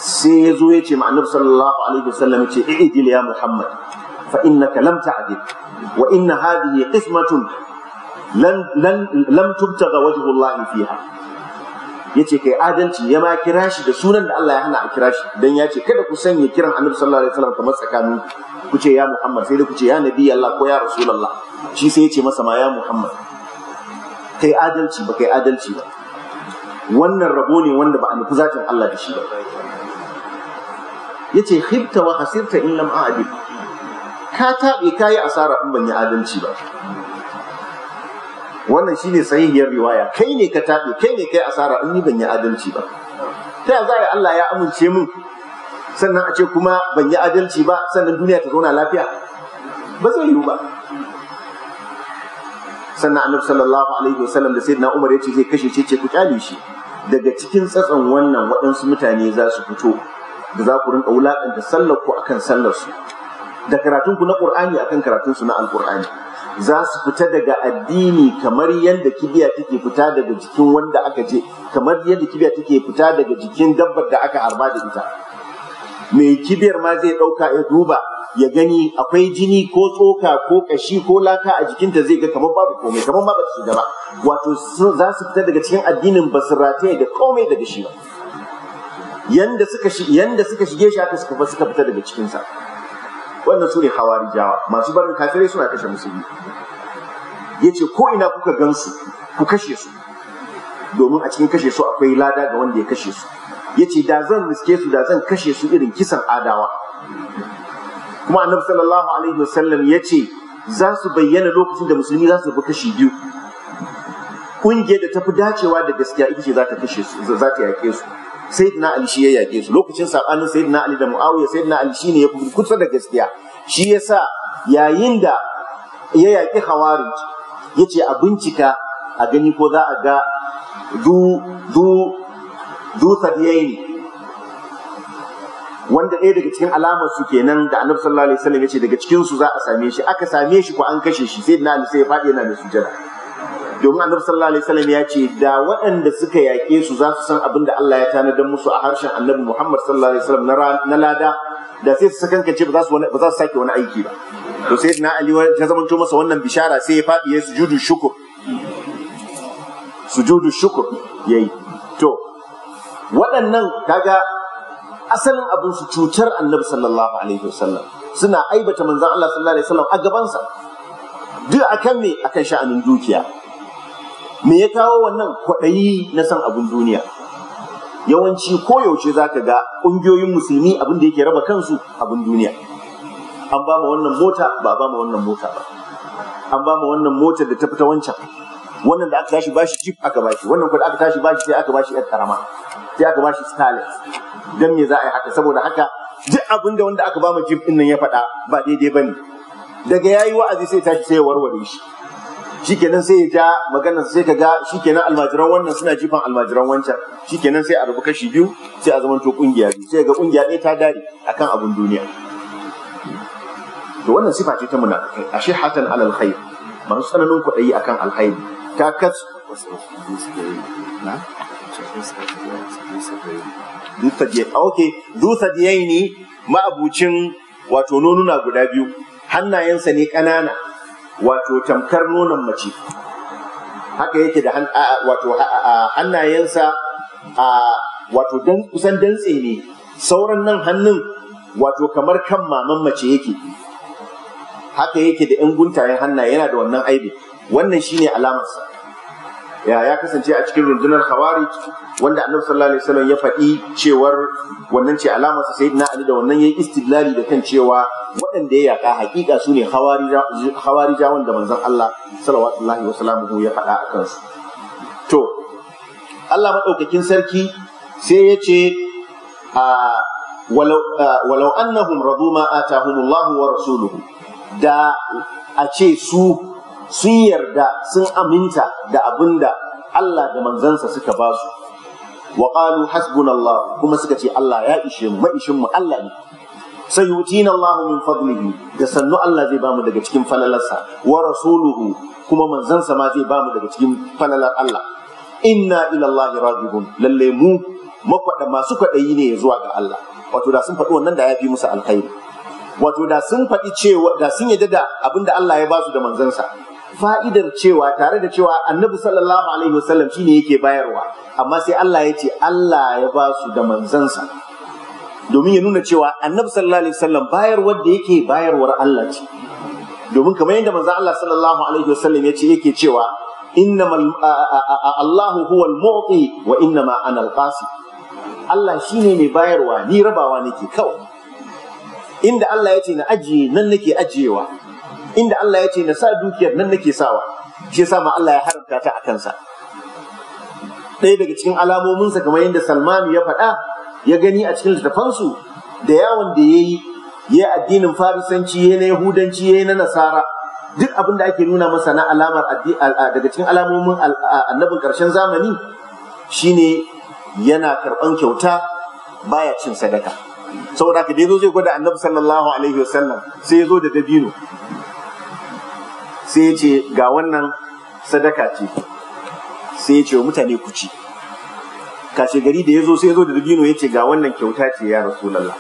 Speaker 1: sai ya zo ya ce ma annabi sallallahu alaihi wasallam ce i'dil ya muhammad fa innaka lam ta'dil wa inna hadhihi qismatun lan lam tubtaga wajhu Allah fiha yace kai adalci ya ma kira shi da sunan da Allah ya hana a kira shi dan ya ce kada ku sanya kiran annabi sallallahu alaihi wasallam kamar tsakanin ku ce ya muhammad sai da ku ce ya nabi Allah ko ya rasulullah shi sai ya ce masa ma ya muhammad kai adalci ba kai adalci ba wannan rabo ne wanda ba a nufi zatin Allah da shi ba Ya ce, Hibta wa hasirta in lam a'dil ka taɓe ka yi asara in ban yi adalci ba wannan shi ne sahihiyar riwaya kai ne ka taɓe, kai ne ka yi asara in ni ban yi adalci ba ta yaya ya zai Allah ya amince mun sannan a ce kuma ban yi adalci ba sannan duniya ta zauna lafiya ba zai yiwu ba sannan annabi sallallahu alaihi wasallam da sayyidina Umar ce, zai kashe ce ku kyale shi daga cikin tsatson wannan waɗansu mutane za su fito da za ku rinka wulaƙanta sallar ku akan sallar su da karatun ku na Qur'ani akan karatun su na al za su fita daga addini kamar yadda kibiya take fita daga jikin wanda aka je kamar yadda kibiya take fita daga jikin dabbar da aka harba da ita mai kibiyar ma zai ɗauka ya duba ya gani akwai jini ko tsoka ko ƙashi ko laka a jikinta zai ga kamar babu komai kamar ba su gaba wato za su fita daga cikin addinin basu rataye da komai daga shi ba yanda suka yanda suka shige shi aka suka suka fita daga cikin sa wannan sune hawa hawarijawa masu barin kafirai suna kashe musulmi yace ko ina kuka gansu ku kashe su domin a cikin kashe su akwai lada ga wanda ya kashe su yace da zan riske su da zan kashe su irin kisan adawa kuma annabi sallallahu alaihi wasallam yace za su bayyana lokacin da musulmi za su bi kashi biyu kungiyar da ta fi dacewa da gaskiya ita ce za ta kashe su za ta yaƙe su sayyidina ali shi ya yage su lokacin sabanin sayyidina ali da muawiya sayyidina ali shine ya kusa da gaskiya shi yasa yayin da ya yaki hawarij yace a bincika a gani ko za a ga du du du wanda ɗaya daga cikin alamar su kenan da annabi sallallahu alaihi wasallam yace daga cikin su za a same shi aka same shi ko an kashe shi sayyidina ali sai ya faɗi yana da sujada domin annabi sallallahu alaihi wasallam ya ce da waɗanda suka yaƙe su za su san abin da Allah ya tanadar musu a harshen annabi Muhammad sallallahu alaihi wasallam na lada da sai su sakankance ba za su ba za su sake wani aiki ba to sai na Ali ta zamanto masa wannan bishara sai ya faɗi ya sujudu shukur sujudu shukur yayi to waɗannan kaga asalin abin su cutar annabi sallallahu alaihi wasallam suna aibata manzon Allah sallallahu alaihi wasallam a gabansa duk akan me akan sha'anin dukiya me ya kawo wannan kwaɗayi na san abin duniya yawanci koyaushe za ka ga ƙungiyoyin musulmi abin da yake raba kansu abin duniya an ba wannan mota ba ba wannan mota ba an ba wannan motar da ta fita wancan wannan da aka tashi bashi jeep aka bashi wannan kuwa aka tashi bashi sai aka bashi yar karama sai aka bashi stalin dan me za a yi haka saboda haka duk abin da wanda aka ba ma jeep din nan ya faɗa ba daidai ba ne. daga ya yi wa'azi sai tashi sai ya warware shi shikenan sai ya ja maganar sai ka ga shikenan almajiran wannan suna jifan almajiran wancan shikenan sai a rubu kashi biyu sai a zamanto kungiya biyu sai ga kungiya ɗaya ta dare akan abun duniya to wannan sifa ce ta munafikai ashe hatan alal khair masu tsananin kuɗayi akan alkhairi ta kas dusa diyaini ma'abucin wato nonuna guda biyu hannayensa ne ƙanana wato tamkar nonon mace haka yake da wato hannayensa a wato kusan dantse ne sauran nan hannun wato kamar kan maman mace yake haka yake da 'yan guntayen hannaye yana da wannan aibi wannan shine alamarsa ya ya kasance a cikin rundunar khawarij wanda annabi sallallahu alaihi wasallam ya faɗi cewar wannan ce alamar sa sayyidina ali da wannan yayi istidlali da kan cewa waɗanda ya yaka hakika su ne khawarija wanda manzon Allah sallallahu alaihi ya faɗa a kansu to Allah madaukakin sarki sai ya ce a walau walau annahum radu ma atahumullahu wa rasuluhu da a ce su sun yarda sun aminta da abinda Allah da manzansa suka ba su wa qalu hasbunallah kuma suka ce Allah ya ishe mu maishin mu Allah ne sayutina Allah min fadlihi da sannu Allah zai ba mu daga cikin falalarsa wa rasuluhu kuma manzansa ma zai ba mu daga cikin falalar Allah inna ila Allah rajiun lalle mu makwada masu kwadayi ne zuwa ga Allah wato da sun faɗi wannan da ya fi musu alkhairi wato da sun faɗi cewa da sun yadda da abinda Allah ya ba su da manzansa fa'idar cewa tare da cewa annabi sallallahu alaihi wasallam shine yake bayarwa amma sai Allah ya ce Allah ya ba su da manzansa domin ya nuna cewa annabi sallallahu alaihi wasallam bayarwar da yake bayarwar Allah ce domin kamar yadda manzo Allah sallallahu alaihi wasallam ya ce yake cewa innamal Allahu huwal mu'ti wa innama ana al-qasi Allah shine mai bayarwa ni rabawa nake kawai inda Allah ya ce na ajiye nan nake ajiyewa inda Allah ya ce na sa dukiyar nan nake sawa shi yasa ma Allah ya haramta ta a kansa ɗaya daga cikin alamominsa kamar yadda Salmanu ya faɗa ya gani a cikin littafansu da yawon da ya yi ya addinin farisanci ya na yahudanci ya na nasara duk abin da ake nuna masa na alamar daga cikin alamomin annabin ƙarshen zamani shine yana karɓan kyauta baya cin sadaka saboda ka dai zo zai gwada annabi sallallahu alaihi wasallam sai ya zo da dabino sai ya ce ga wannan sadaka ce sai ya ce wa mutane ku ci kashe gari da ya zo sai ya zo da dubino ya ce ga wannan kyauta ce ya lalla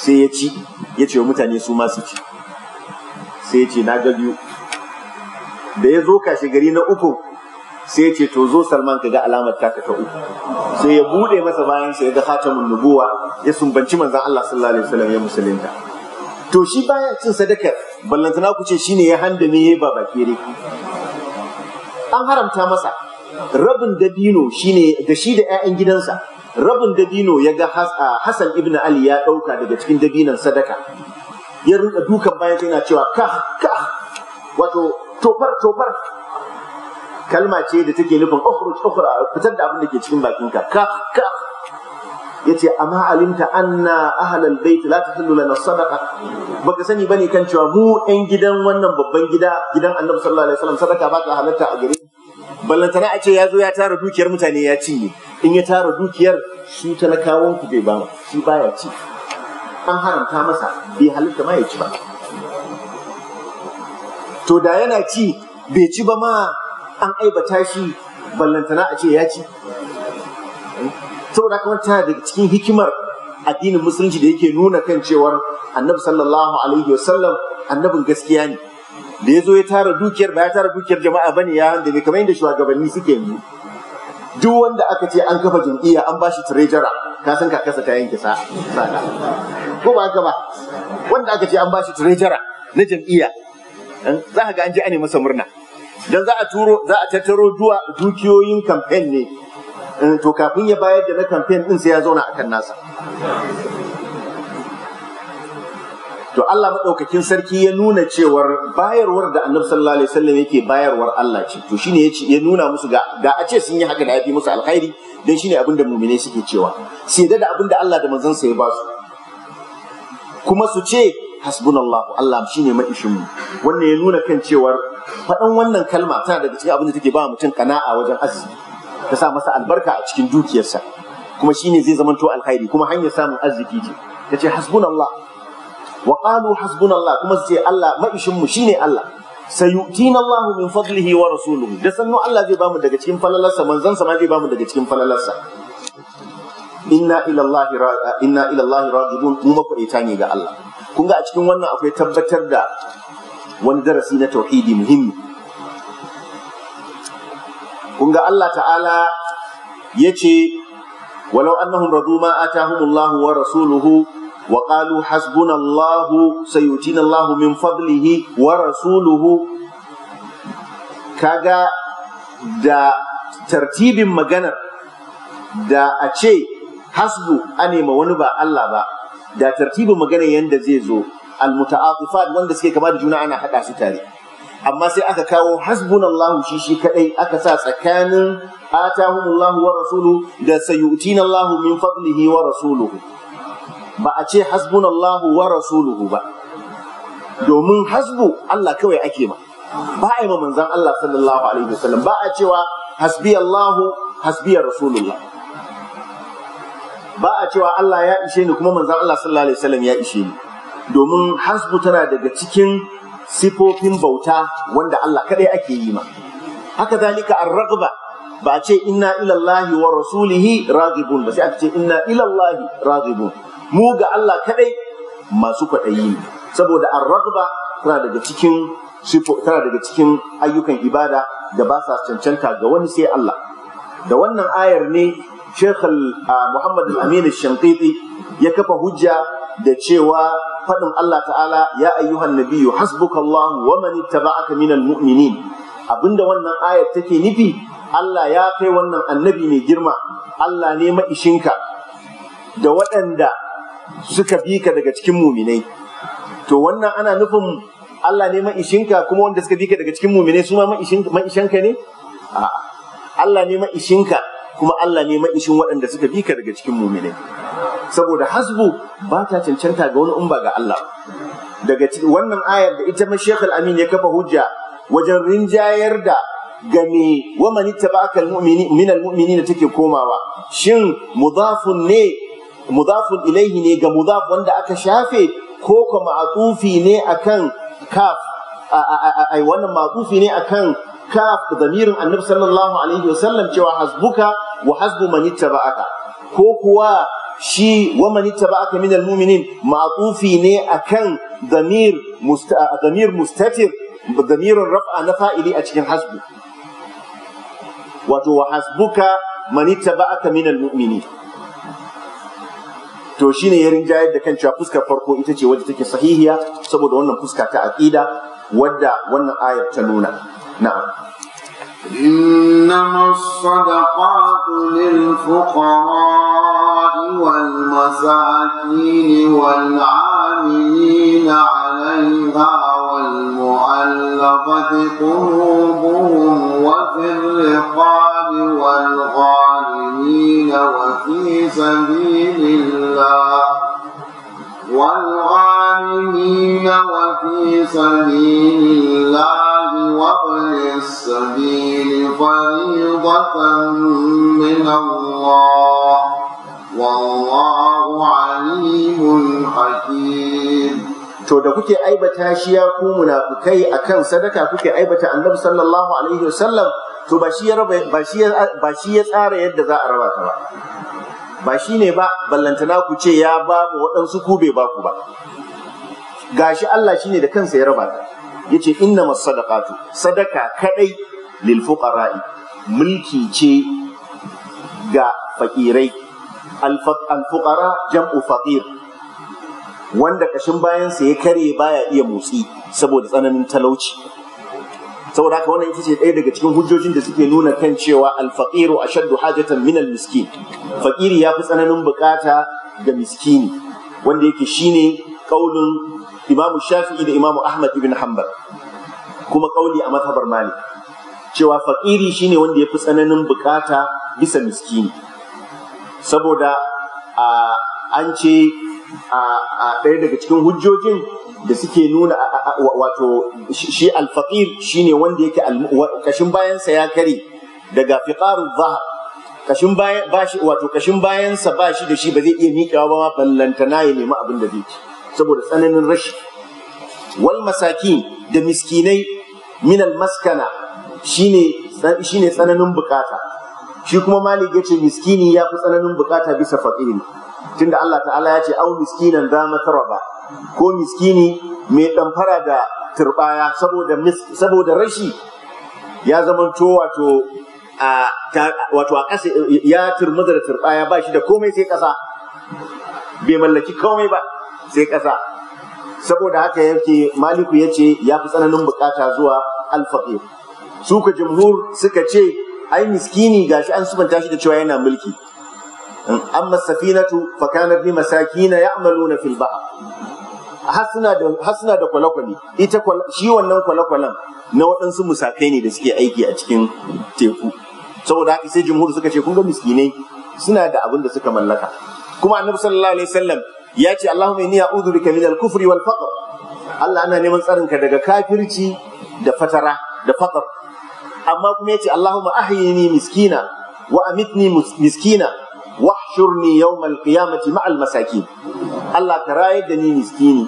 Speaker 1: sai ya ci ya ce wa mutane su masu ci sai ya ce na ga biyu da ya zo kashe gari na uku sai ya ce to zo salman ka ga alamar taka ta uku sai ya bude masa bayan sai ya ga hatamun nubuwa ya sumbanci manzan Allah sallallahu alaihi wasallam ya musulunta to shi baya cin sadakar ballantana ku ce shine ya handame ya ba ne an haramta masa rabin dabino shine da shi da 'ya'yan gidansa rabin dabino ya ga Hassan ibn Ali ya ɗauka daga cikin dabinan sadaka ya rinka dukan bayan yana cewa ka ka wato tofar tofar kalma ce da take nufin ukhruj ukhra fitar da abin da ke cikin bakinka ka ka yace amma alimta anna ahlal bait la tahillu lana sadaqa baka sani bane kan cewa mu ɗan gidan wannan babban gida gidan annabi sallallahu alaihi wasallam sadaka ba ta halatta a gare ballantana a ce ya zo ya tara dukiyar mutane ya cinye in ya tara dukiyar shi talakawan ku bai ba shi baya ci an haramta masa bai halitta ma ya ci ba to da yana ci bai ci ba ma an aibata shi ballantana a ce ya ci saboda kuma ta daga cikin hikimar addinin musulunci da yake nuna kan cewar annabi sallallahu alaihi wa s.allam, annabin gaskiya ne da ya zo ya tara dukiyar ba ya tara dukiyar jama'a bane ya da bai kamar yadda shugabanni suke yi duk wanda aka ce an kafa jam'iyya an bashi trejara ka san kakasa ta yanke sa ko ba haka ba wanda aka ce an bashi trejara na jam'iyya za ka ga an je ani masa murna dan za a turo za a tattaro duwa dukiyoyin kamfen ne Eh, to kafin ya bayar da na kamfen din sai ya zauna a kan nasa to Allah Maɗaukakin sarki ya nuna cewar bayarwar da Annabi sallallahu alaihi wasallam yake bayarwar Allah ce to shine yace ya nuna musu ga ga a ce sun yi haka da yafi musu alkhairi dan shine abin da suke cewa sai da abin da Allah da manzon sa ya ba su kuma su ce hasbunallahu Allah shine maishin mu wannan ya nuna kan cewar faɗan wannan kalma tana daga cikin abin da take ba mutum kana'a wajen azumi ka sa masa albarka a cikin dukiyarsa kuma shine zai zamanto alkhairi kuma hanyar samun arziki ce ta ce hasbunallah wa qalu hasbunallah kuma su ce Allah maishin mu shine Allah sayutina Allahu min fadlihi wa rasuluhu da sannu Allah zai bamu daga cikin falalarsa manzon sa ma zai bamu daga cikin falalarsa inna ilallahi inna ilallahi rajibun mu ne ga Allah kun ga a cikin wannan akwai tabbatar da wani darasi na tauhidi muhimmi Kunga ga Allah ta'ala ya ce walau annahum radu ma atahumullahu wa rasuluhu wa qalu hasbunallahu sayutina min fadlihi wa rasuluhu kaga da tartibin maganar da a ce hasbu a nema wani ba Allah ba da tartibin maganar yadda zai zo al-muta'atifat wanda suke kama da juna ana haɗa su tare amma sai aka kawo hasbunallahu shi shi kadai aka sa tsakanin atahumullahu wa rasulu da allahu min fadlihi wa rasuluhu ba a ce hasbunallahu wa rasuluhu ba domin hasbu Allah kawai ake ma ba a yi ma manzan Allah sallallahu alaihi wasallam ba a cewa hasbi Allahu hasbi rasulullah ba a cewa Allah ya ishe ni kuma manzan Allah sallallahu alaihi wasallam ya ishe ni domin hasbu tana daga cikin sifofin bauta wanda Allah kaɗai ake yi ma haka zalika ar ragba ba a ce inna ilallahi wa rasulihi raghibun ba sai aka ce inna ilallahi raghibun mu ga Allah kaɗai, masu kwaɗayi ne saboda ar-raghba tana daga cikin tana daga cikin ayyukan ibada da ba sa cancanta ga wani sai Allah da wannan ayar ne Sheikh ah, Muhammad Al-Amin Shankiti ya kafa hujja da cewa faɗin Allah ta'ala ya ayyuhan nabiyyu hasbukallahu wa man ittaba'aka minal mu'minin abinda wannan ayar take nufi Allah ya kai wannan annabi mai girma Allah ne maishinka da waɗanda suka bi ka daga cikin muminai to wannan ana nufin Allah ne maishinka kuma wanda suka bi ka daga cikin muminai su ma maishanka ne -A'a. Allah ne maishinka kuma Allah ne maishin waɗanda suka bi ka daga cikin muminai saboda hasbu ba ta cancanta ga wani umba ga Allah daga wannan ayar da ita ma Aminu amin ya kafa hujja wajen rinjayar da game wa man ittaba'aka minal mumini min take komawa shin mudafun ne mudafun ilaihi ne ga mudaf wanda aka shafe ko ko ma'tufi ne akan kaf ai wannan ma'tufi ne akan kaf zamirin annabi sallallahu alaihi wasallam cewa hasbuka wa hasbu man ittaba'aka ko kuwa shi wa man aka minal mu'minin ma'tufi ne akan damir damir mustatir raf'a na fa'ili a cikin hasbu wato wa hasbuka man aka minal mu'minin to shine ya rinjayar da kan cewa fuskar farko ita ce wadda take sahihiya saboda wannan fuska ta aqida wadda wannan ayar ta nuna
Speaker 2: na'am إنما الصدقات للفقراء والمساكين والعاملين عليها والمؤلفة قلوبهم وفي الرقاب والغالمين وفي سبيل الله والغالمين وفي سبيل الله وابن السبيل فريضة من الله wallahu alimun hakim to da kuke
Speaker 1: aibata shi ya ku munafikai akan sadaka kuke aibata annabi sallallahu alaihi wasallam to ba shi ya ba shi ya tsara yadda za a raba ta ba ba shi ne ba ballantana ku ce ya ba waɗansu ku bai ba ku ba gashi Allah shine da kansa ya raba ta yace innamas sadaqatu sadaka kadai lil fuqara'i mulki ce ga fakirai alfukara jam'u faƙir wanda ƙashin bayansa ya kare baya iya motsi saboda tsananin talauci saboda haka wannan ita ce ɗaya daga cikin hujjojin da suke nuna kan cewa a shaddu hajatan miskin. almiskin ya yafi tsananin buƙata ga miskini wanda yake shine ƙaunin imamu shafi'i da imamu ahmad ibn hanbal kuma ƙauli a mazhabar malik cewa faƙiri shine wanda ya fi tsananin bukata bisa miskini saboda an ce a ɗaya daga cikin hujjojin da suke nuna wato shi alfaqir ne wanda yake kashin bayansa ya kare daga fiqarul zahab kashin bashi wato kashin bayansa shi da shi ba zai iya miƙewa ba ballantana ya nemi abin da zai ci saboda tsananin rashi wal masakin da miskinai min maskana shine shine tsananin bukata shi kuma malik ya ce miskini ya fi tsananin bukata bisa fakiri tunda Allah ta'ala ya ce au miskinan za ba? ko miskini mai ɗamfara da turbaya saboda rashi ya zamanto wato a wato a ƙasa ya turmuza da turbaya ba shi da komai sai ƙasa bai mallaki komai ba sai ƙasa saboda haka yake maliku ya ce ya fi tsananin bukata zuwa alfaƙir suka jimhur suka ce ai miskini gashi an subanta shi da cewa yana mulki amma safinatu fa kanat li masakina ya'maluna fil ba'a hasuna da hasuna da kwalakwali ita shi wannan kwalakwalan na waɗansu musafai ne da suke aiki a cikin teku saboda haka sai jumhur suka ce kun ga miskinai suna da abin da suka mallaka kuma annabi sallallahu alaihi wasallam ya ce Allahumma inni a'udhu bika min al-kufri wal faqr Allah ana neman tsarin ka daga kafirci da fatara da faqr amma kuma ya yace Allahumma ahyini miskina wa amitni miskina wahshurni yawmal qiyamati ma'al masakin Allah ka rayar da ni miskini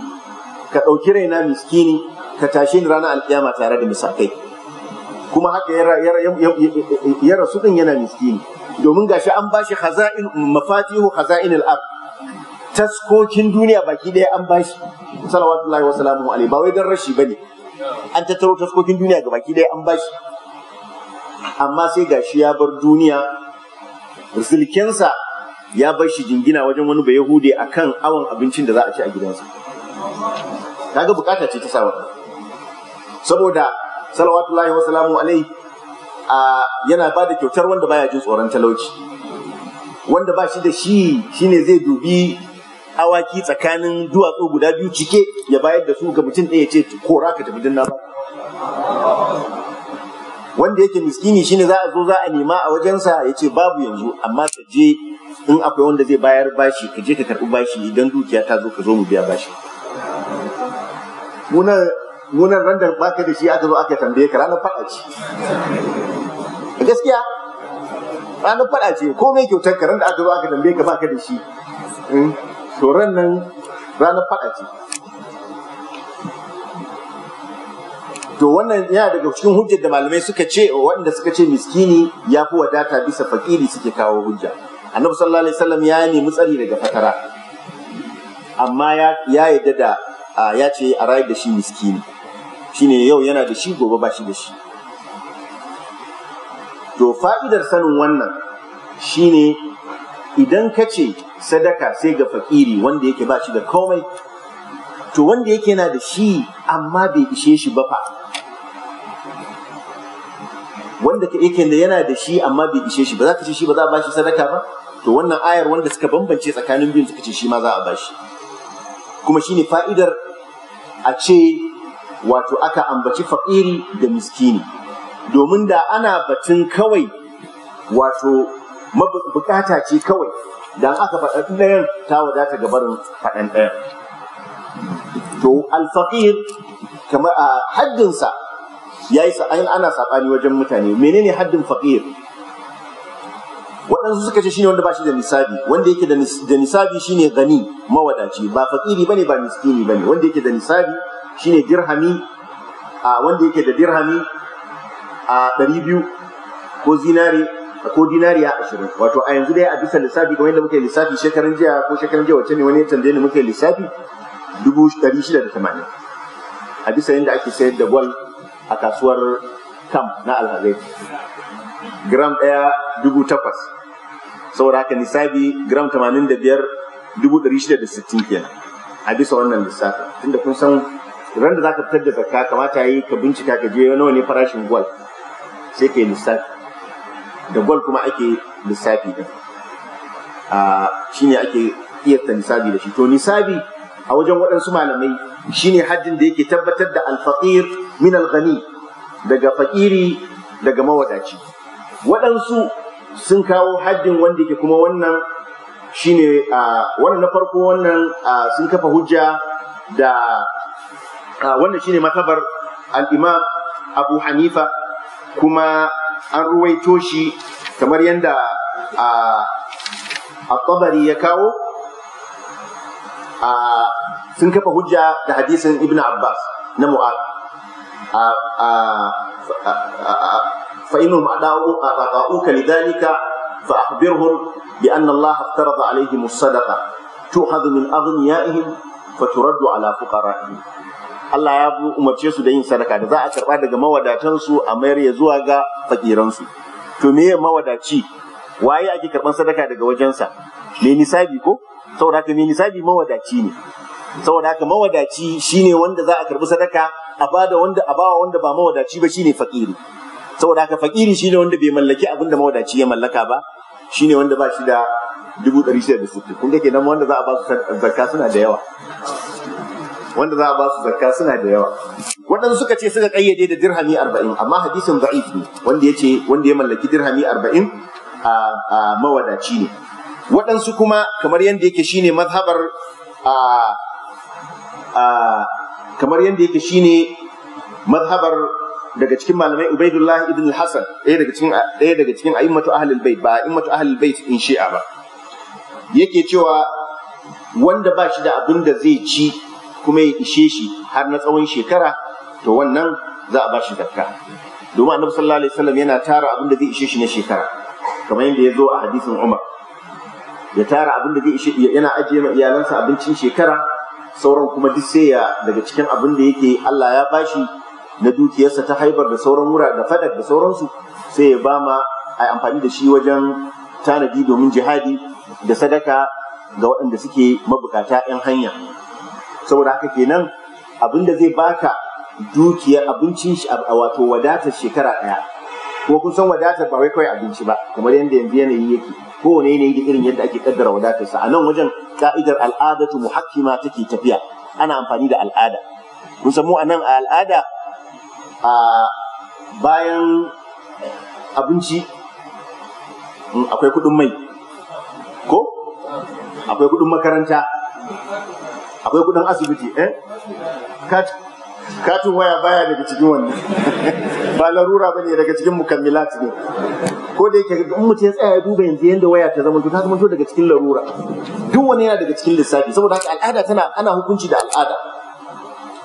Speaker 1: ka ɗauki raina miskini ka tashe ni ranar alƙiyama tare da misakai kuma haka ya rasu ɗin yana miskini domin gashi an bashi khaza'in mafatihu khaza'in al-ard taskokin duniya baki ɗaya an bashi sallallahu alaihi wasallam ba wai don rashi bane an tattaro taskokin duniya ga baki ɗaya an bashi amma sai ga shi ya bar duniya rusulkinsa ya bar shi jingina wajen wani bayahude akan awon abincin da za a ci a gidansa ga bukata ce ta sa wannan saboda salawatullahi wa salamu alai yana ba da kyautar wanda baya jin tsoron talauci wanda ba shi da shi shine zai dubi awaki tsakanin duwatsu guda biyu cike ya bayar da su ga mutum ɗaya ce ko raka tafi dinna ba wanda yake miskini shine za a zo za a nema a wajensa ya ce babu yanzu amma ka je in akwai wanda zai bayar bashi ka je ka karɓi bashi idan dukiya ta zo ka zo mu biya bashi munan ran da baka da shi aka zo aka tambaye ka ranar fada ce gaskiya ranar fada ce ko mai kyautar ka ran da aka zo aka tambaye ka baka da shi hmm? to ran nan ranar fada ce to wannan yana daga cikin hujjar da malamai suka ce waɗanda suka ce miskini ya fi wadata bisa fakiri suke kawo hujja annabi sallallahu alaihi wasallam ya nemi tsari daga fatara amma ya yadda da ya ce a rayu da shi miskini shine yau yana da shi gobe ba shi da shi to fa'idar sanin wannan shine idan ka ce sadaka sai ga fakiri wanda yake ba shi da komai to wanda yake na da shi amma bai ishe shi ba fa wanda ka yake da yana da shi amma bai ishe shi ba za ka ce shi ba za a bashi sadaka ba to wannan ayar wanda suka bambance tsakanin biyun suka ce shi ma za a bashi kuma shine fa'idar a ce wato aka ambaci fa'iri da miskini domin da ana batun kawai wato bukata ce kawai dan aka faɗa ɗayan ta wadata barin faɗan ɗayan to alfaqir kamar a haddinsa yayi sa'an ana sabani wajen mutane menene haddin faqir waɗansu suka ce shine wanda ba shi da nisabi wanda yake da nisabi shine gani mawadaci ba fakiri bane ba miskini bane wanda yake da nisabi shine dirhami a wanda yake da dirhami a ɗari biyu ko zinare ko dinari a ashirin wato a yanzu dai a bisa lissafi kamar yadda muke lissafi shekaran jiya ko shekaran jiya wacce ne wani ya tambaye ni muke lissafi dubu ɗari shida da tamanin a bisa yadda ake sayar da gwal a kasuwar kam na alhazai gram ɗaya dubu takwas saboda haka nisabi gram tamanin da biyar dubu ɗari shida da sittin kenan a bisa wannan lissafi tunda kun san ran da za ka fitar da zakka kamata yi ka bincika ka je nawa ne farashin gwal sai ka lissafi da gwal kuma ake lissafi din ah, shi ne ake iya nisabi da shi to nisabi a wajen waɗansu malamai shine haddin da yake tabbatar da alfaƙir min alghani daga faƙiri daga mawadaci waɗansu sun kawo haddin wanda yake kuma wannan shine wannan na farko wannan sun kafa hujja da wannan shine matabar al-imam abu hanifa kuma an ruwaito shi kamar yadda a tabari ya kawo Ah, sun kafa hujja da hadisin ibn abbas na mu'ad فإنهم أطاؤوك لذلك فأخبرهم بأن الله افترض عليهم الصدقة تؤخذ من أغنيائهم فترد ala فقرائهم Allah ya umarce su da yin sadaka da za a karba daga mawadatansu a mayar ya zuwa ga fakiransu. To me mawadaci? Waye ake karban sadaka daga wajensa? Me nisabi ko? saboda haka mai nisabi mawadaci ne saboda haka mawadaci shine wanda za a karbi sadaka a bada wanda a bawa wanda ba mawadaci ba shine fakiri saboda haka fakiri shine wanda bai mallaki abin da mawadaci ya mallaka ba shine wanda ba shi da dubu ɗari shida da sittin kun ga kenan wanda za a ba su zakka suna da yawa wanda za a ba su zakka suna da yawa waɗansu suka ce suka ƙayyade da dirhami arba'in amma hadisin da'if ne wanda ya ce wanda ya mallaki dirhami arba'in a mawadaci ne waɗansu kuma kamar yadda yake shine mazhabar kamar yadda yake shine mazhabar daga cikin malamai Ubaidullah ibn Hassan ɗaya daga cikin ɗaya daga cikin a'immatu ahlul bait ba a'immatu ahlul bait in shi'a ba yake cewa wanda ba shi da abin da zai ci kuma ya ishe shi har na tsawon shekara to wannan za a ba shi zakka domin annabi sallallahu alaihi wasallam yana tara abin da zai ishe shi na shekara kamar yadda ya zo a hadisin Umar ya tara abin da zai iya yana ajiye ma iyalansa abincin shekara sauran kuma duk sai ya daga cikin abin da yake Allah ya bashi na dukiyarsa ta haibar da sauran wura da fadak da sauransu sai ya bama a amfani da shi wajen tanadi domin jihadi da sadaka ga waɗanda suke mabukata 'yan hanya saboda haka kenan abin da zai baka dukiyar abincin wato wadatar shekara ɗaya ko kun san wadatar ba wai kawai abinci ba kamar yadda yanzu yanayi yake kowane yanayi da irin yadda ake kaddara sa a nan wajen ka'idar al'adatu muhakkima take tafiya ana amfani da al'ada kun san mu a nan a al'ada a bayan abinci akwai kuɗin mai ko akwai kuɗin makaranta akwai kuɗin asibiti eh katin waya baya daga cikin wannan ba larura bane daga cikin mukammilat ne ko da yake in mutum ya tsaya ya duba yanzu yanda waya ta zama ta zama daga cikin larura duk wani yana daga cikin lissafi saboda haka al'ada tana ana hukunci da al'ada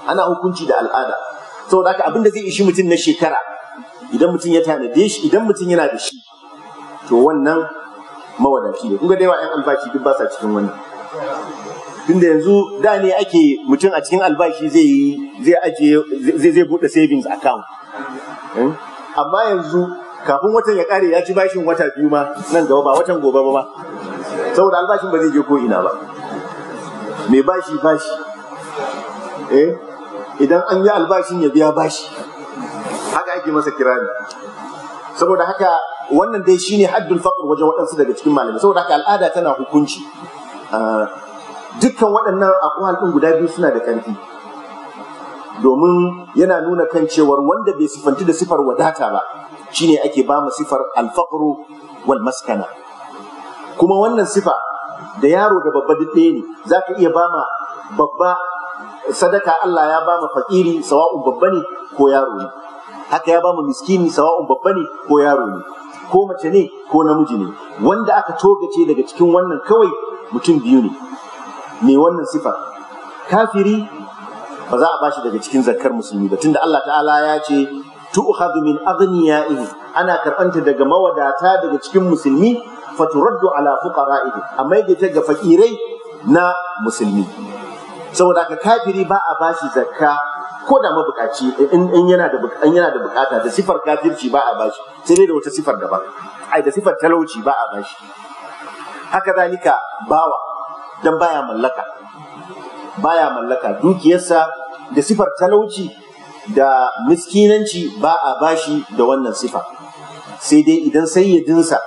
Speaker 1: ana hukunci da al'ada saboda haka abin da zai ishi mutum na shekara idan mutum ya tanade shi idan mutum yana da shi to wannan mawadaci ne kun ga da yawa 'yan albashi duk ba sa cikin wannan tunda yanzu da ne ake mutum a cikin albashi zai yi zai ajiye zai bude savings account hmm? amma yanzu kafin watan ya kare ya ci bashin wata biyu ma nan gaba ba watan gobe ba ma saboda albashin ba zai je ko ina ba mai bashi bashi eh idan an yi albashin ya biya bashi haka ake masa kirani saboda haka wannan dai shine haddul faqr wajen waɗansu daga cikin malamai saboda haka al'ada tana hukunci ah, dukkan waɗannan akwai ɗin guda biyu suna da ƙarfi domin yana nuna kan cewar wanda bai sifanti da sifar wadata ba shine ake ba mu sifar alfaqru wal maskana kuma wannan sifa da yaro da babba duk ɗaya ne ka iya ba ma babba sadaka Allah ya ba mu faƙiri sawa'un babba ne ko yaro ne haka ya ba mu miskini sawa'un babba ne ko yaro ne ko mace ne ko namiji ne wanda aka togace daga cikin wannan kawai mutum biyu ne mai wannan sifar kafiri ba za a bashi daga cikin zakar musulmi ba tunda Allah ta'ala ya ce tu'khadhu min aghniya'ihi ana karbanta daga mawadata daga cikin musulmi faturaddu ala fuqara'ihi amma yake ta ga fakirai na musulmi saboda ka kafiri ba a bashi zakka ko da mabukaci in yana da yana da bukata da sifar kafirci ba a bashi sai dai da wata sifar daban ai da sifar talauci ba a bashi haka zalika bawa dan baya mallaka baya mallaka dukiyarsa da sifar talauci da miskinanci ba a bashi da wannan sifa sai dai idan sayyidinsa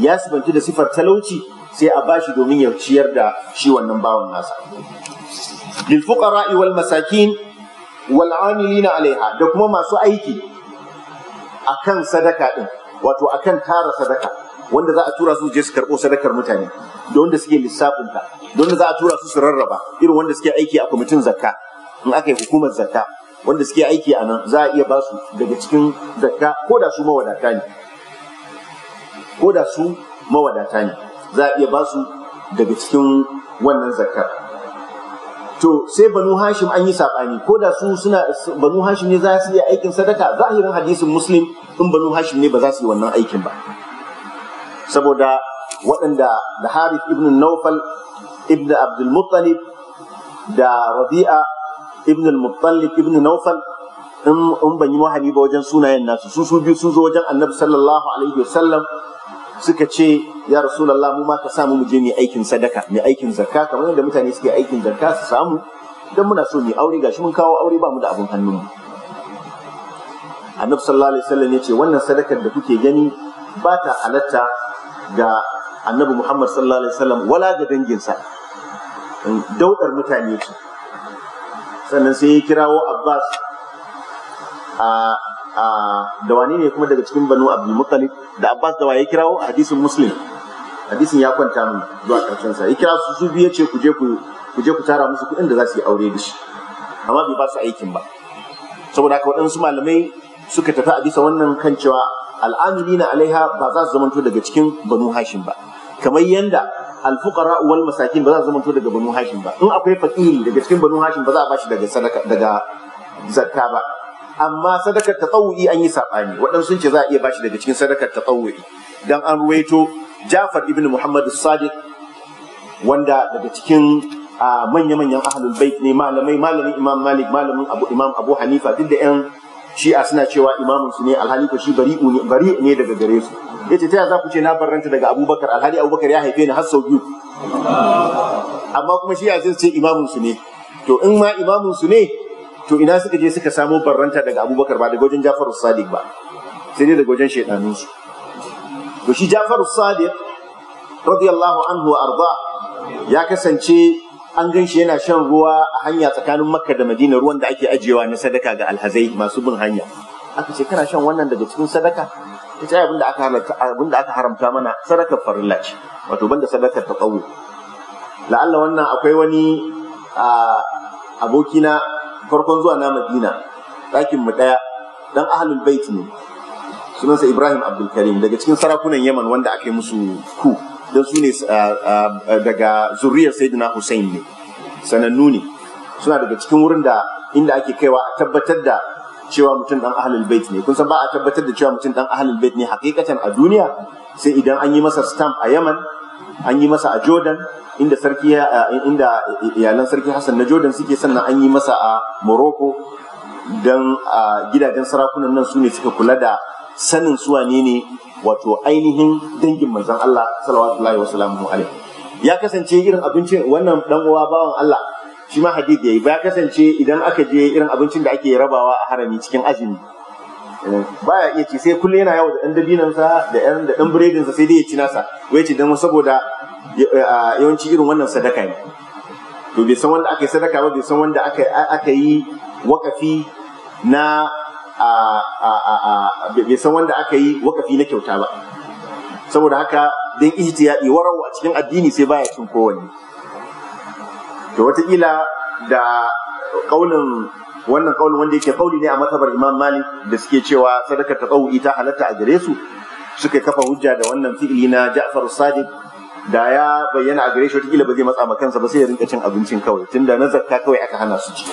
Speaker 1: ya sifanci da sifar talauci sai a bashi domin ya ciyar da shi wannan bawan nasa lil fuqara'i wal masakin wal amilina alaiha da kuma masu aiki akan sadaka din wato akan tara sadaka wanda za a tura su je su karɓo sadakar mutane da wanda suke lissafin da wanda za a tura su su rarraba irin wanda suke aiki a kwamitin zakka in aka yi hukumar zakka wanda suke aiki a nan za a iya ba su daga cikin zakka ko da su mawadata ne ko da su mawadata ne za a iya ba su daga cikin wannan zakkar to sai banu hashim an yi saɓani ko da su suna banu hashim ne za su yi aikin sadaka zahirin hadisin muslim in banu hashim ne ba za su yi wannan aikin ba saboda waɗanda da harith ibn naufal ibn abdulmuttalib da rabi'a ibn muttalib ibn naufal in ban yi mahani ba wajen sunayen nasu su su biyu sun zo wajen annabi sallallahu alaihi wasallam suka ce ya rasulullah mu ma ka samu mu je mu aikin sadaka mu aikin zakka kamar yadda mutane suke aikin zakka su samu idan muna so mu aure gashi mun kawo aure ba mu da abun hannu. annabi sallallahu alaihi wasallam ya ce wannan sadakar da kuke gani ba ta halatta ga annabi Muhammad sallallahu alaihi wasallam wala ga danginsa daudar mutane ce sannan sai ya kirawo Abbas a da wani ne kuma daga cikin Banu Abdul Muttalib da Abbas da waye kirawo hadisin Muslim hadisin ya kwanta min zuwa karshen sa ya kira su su biye ce ku je ku ku je ku tara musu kuɗin da za su yi aure da shi amma bai ba su aikin ba saboda haka waɗansu malamai suka tafi a bisa wannan kan cewa al'amilina alaiha ba za su zamanto daga cikin banu hashim ba kamar yanda alfuqara wal masakin ba za su zamanto daga banu hashim ba in akwai fakiri daga cikin banu hashim ba za a bashi daga sadaka daga zakka ba amma sadakar tatawu'i an yi sabani waɗansu sun ce za a iya bashi daga cikin sadakar tatawu'i dan an ruwaito Jafar ibn Muhammad Sadiq wanda daga cikin ah, manya-manyan ahlul bait ne malamai malamin Imam Malik malamin Abu Imam Abu Hanifa duk da 'yan shi'a suna cewa imamin su ne alhali ko shi bari ne daga gare su yace ta za ku ce na barranta daga Abubakar alhali Abubakar ya haife ni har sau biyu amma kuma shi yanzu ce imamin su ne to in ma imamin su ne to ina suka je suka samo barranta daga Abubakar ba daga wajen Ja'far Sadiq ba sai dai daga wajen shaidanun su to shi Ja'far Sadiq radiyallahu anhu wa arda ya kasance an gan shi yana shan ruwa a hanya tsakanin makka da madina ruwan da ake ajiyewa na sadaka ga alhazai masu bin hanya aka ce kana shan wannan daga cikin sadaka ta ce abinda aka haramta aka haramta mana sadakar farilla ce wato banda sadakar ta tsawo la'alla wannan akwai wani abokina farkon zuwa na madina ɗakin mu ɗaya dan ahlul bait ne sunansa ibrahim abdulkarim daga cikin sarakunan yaman wanda aka yi musu ku don su ne ah, ah, ah, daga zuriyar sayyidina Hussein ne sanannu ne suna daga cikin wurin da inda ake kaiwa a tabbatar da cewa mutum dan ahlul bait ne kun san ba a tabbatar da cewa mutum dan ahlul bait ne hakikatan a duniya sai idan an yi masa stamp a Yaman an yi masa a Jordan inda sarki inda iyalan sarki Hassan na Jordan suke sannan an yi masa a Morocco dan gidajen sarakunan nan su ne suka kula da sanin su ne ne wato ainihin dangin manzon Allah sallallahu salamu alaihi ya kasance irin abincin wannan dan uwa bawan Allah shi ma hadith yayi ba ya kasance idan aka je irin abincin da ake rabawa a harami cikin azumi eh, baya iya ci sai kullum yana yawo da ɗan dabinansa da ɗan da ɗan sai dai ya ci nasa wai ci dan saboda eh, yawanci irin wannan sadaka ne to bai san wanda aka yi sadaka ba bai san wanda aka yi wakafi na bai san wanda aka yi wakafi na kyauta ba saboda haka don ihtiyaɗi warau a cikin addini sai baya cin kowanne to wataƙila da ƙaunin wannan ƙaunin wanda yake ƙauni ne a matsabar imam malik da suke cewa sadaka ta tsawo ita halatta a gare su suka kafa hujja da wannan fi'ili na ja'far sadiq da ya bayyana a gare shi wataƙila ba zai matsa ma kansa ba sai ya rinka cin abincin kawai tunda na zakka kawai aka hana su ci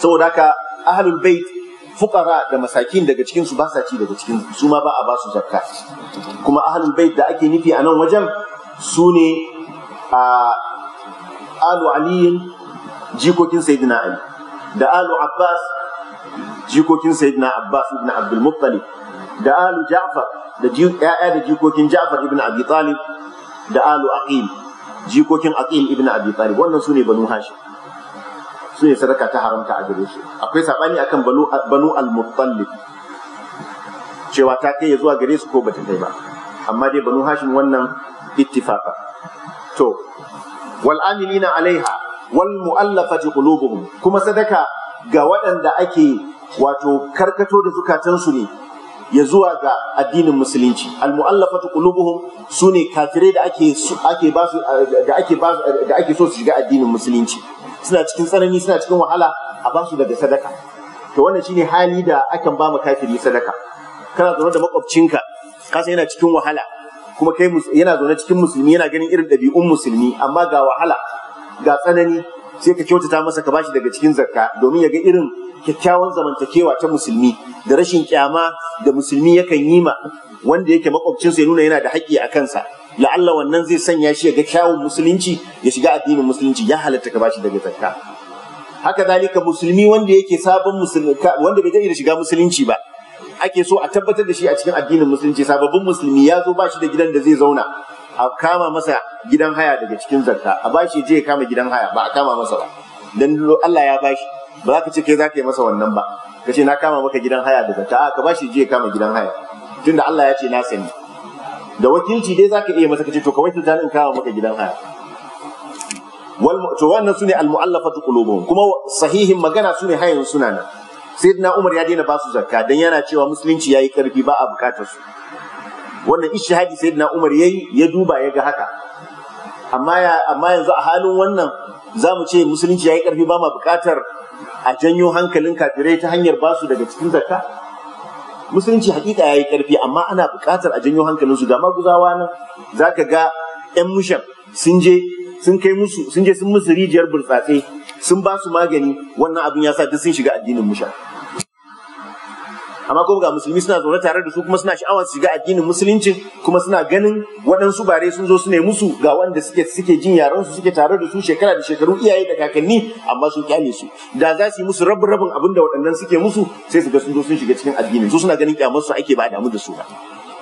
Speaker 1: saboda haka ahlul bait Fukara da masakin daga cikin su ba sa ci daga cikin su ma ba a ba su zakka kuma ahlul bait da ake nufi a nan wajen su ne a alu Ali, jikokin sayyidina ali da alu abbas jikokin sayyidina abbas ibn abdul muttalib da alu ja'far da ya'ya da jikokin ja'far ibn abi talib da alu aqil jikokin aqil ibn abi talib wannan su ne banu hashim su ne sadaka ta haramta a gare shi akwai sabani akan banu al-muttalib cewa ta kai ya zuwa gare su ko bata kai ba amma dai banu hashim wannan ittifaqa to wal amilina alaiha wal mu'allafati qulubuhum kuma sadaka ga waɗanda ake wato karkato da zukatansu ne ya zuwa ga addinin musulunci al mu'allafatu qulubuhum sune kafirai da ake ake ba da ake ba da ake so su shiga addinin musulunci suna cikin tsanani suna cikin wahala a ba su daga sadaka to wannan shine hali da akan ba mu kafiri sadaka kana zaune da makwabcinka ka san yana cikin wahala kuma kai yana zaune cikin musulmi yana ganin irin ɗabi'un musulmi amma ga wahala ga tsanani sai ka kyautata masa ka bashi daga cikin zakka domin ya ga irin kyakkyawan zamantakewa ta musulmi da rashin kyama da musulmi yakan yi ma wanda yake makwabcinsa ya nuna yana da haƙƙi a kansa la'alla wannan zai sanya shi ga kyawun musulunci ya shiga addinin musulunci ya halatta ka bashi daga zakka haka zalika musulmi wanda yake sabon musulmi wanda bai da shiga musulunci ba ake so a tabbatar da shi a cikin addinin musulunci sababbin musulmi ya zo bashi da gidan da zai zauna a kama masa gidan haya daga cikin zakka a bashi je ya kama gidan haya ba a kama masa ba dan Allah ya bashi ba za ka ce kai za ka yi masa wannan ba ka ce na kama maka gidan haya da zakka a ka bashi je ya kama gidan haya tunda Allah ya ce na sani da wakilci dai zaka iya masa kace to kawai wakilta in kawo maka gidan haya to wannan sune almu'allafatu qulubuhum kuma sahihin magana sune hayan suna nan sayyidina Umar ya daina basu zakka dan yana cewa musulunci yayi karfi ba a bukatar su wannan ishihadi sayyidina Umar yayi ya duba ya ga haka amma yanzu a halin wannan zamu ce musulunci yayi karfi ba ma bukatar a janyo hankalin kafirai ta hanyar basu daga cikin zakka musulunci hakika yayi karfi amma ana bukatar a janyo hankalin su ga maguzawa nan zaka ga yan musham sun je sun kai musu sun je sun musu rijiyar burtsatse sun ba su magani wannan abin ya sa duk sun shiga addinin musha. amma kuma ga musulmi suna zaune tare da su kuma suna sha'awar su shiga addinin musulunci, kuma suna ganin waɗansu bare sun zo su ne musu ga wanda suke suke jin yaran su suke tare da su shekara da shekaru iyaye da kakanni amma sun kyale su da za su yi musu rabin rabin abin da waɗannan suke musu sai su ga sun zo sun shiga cikin addinin su suna ganin kyamar su ake ba damu da su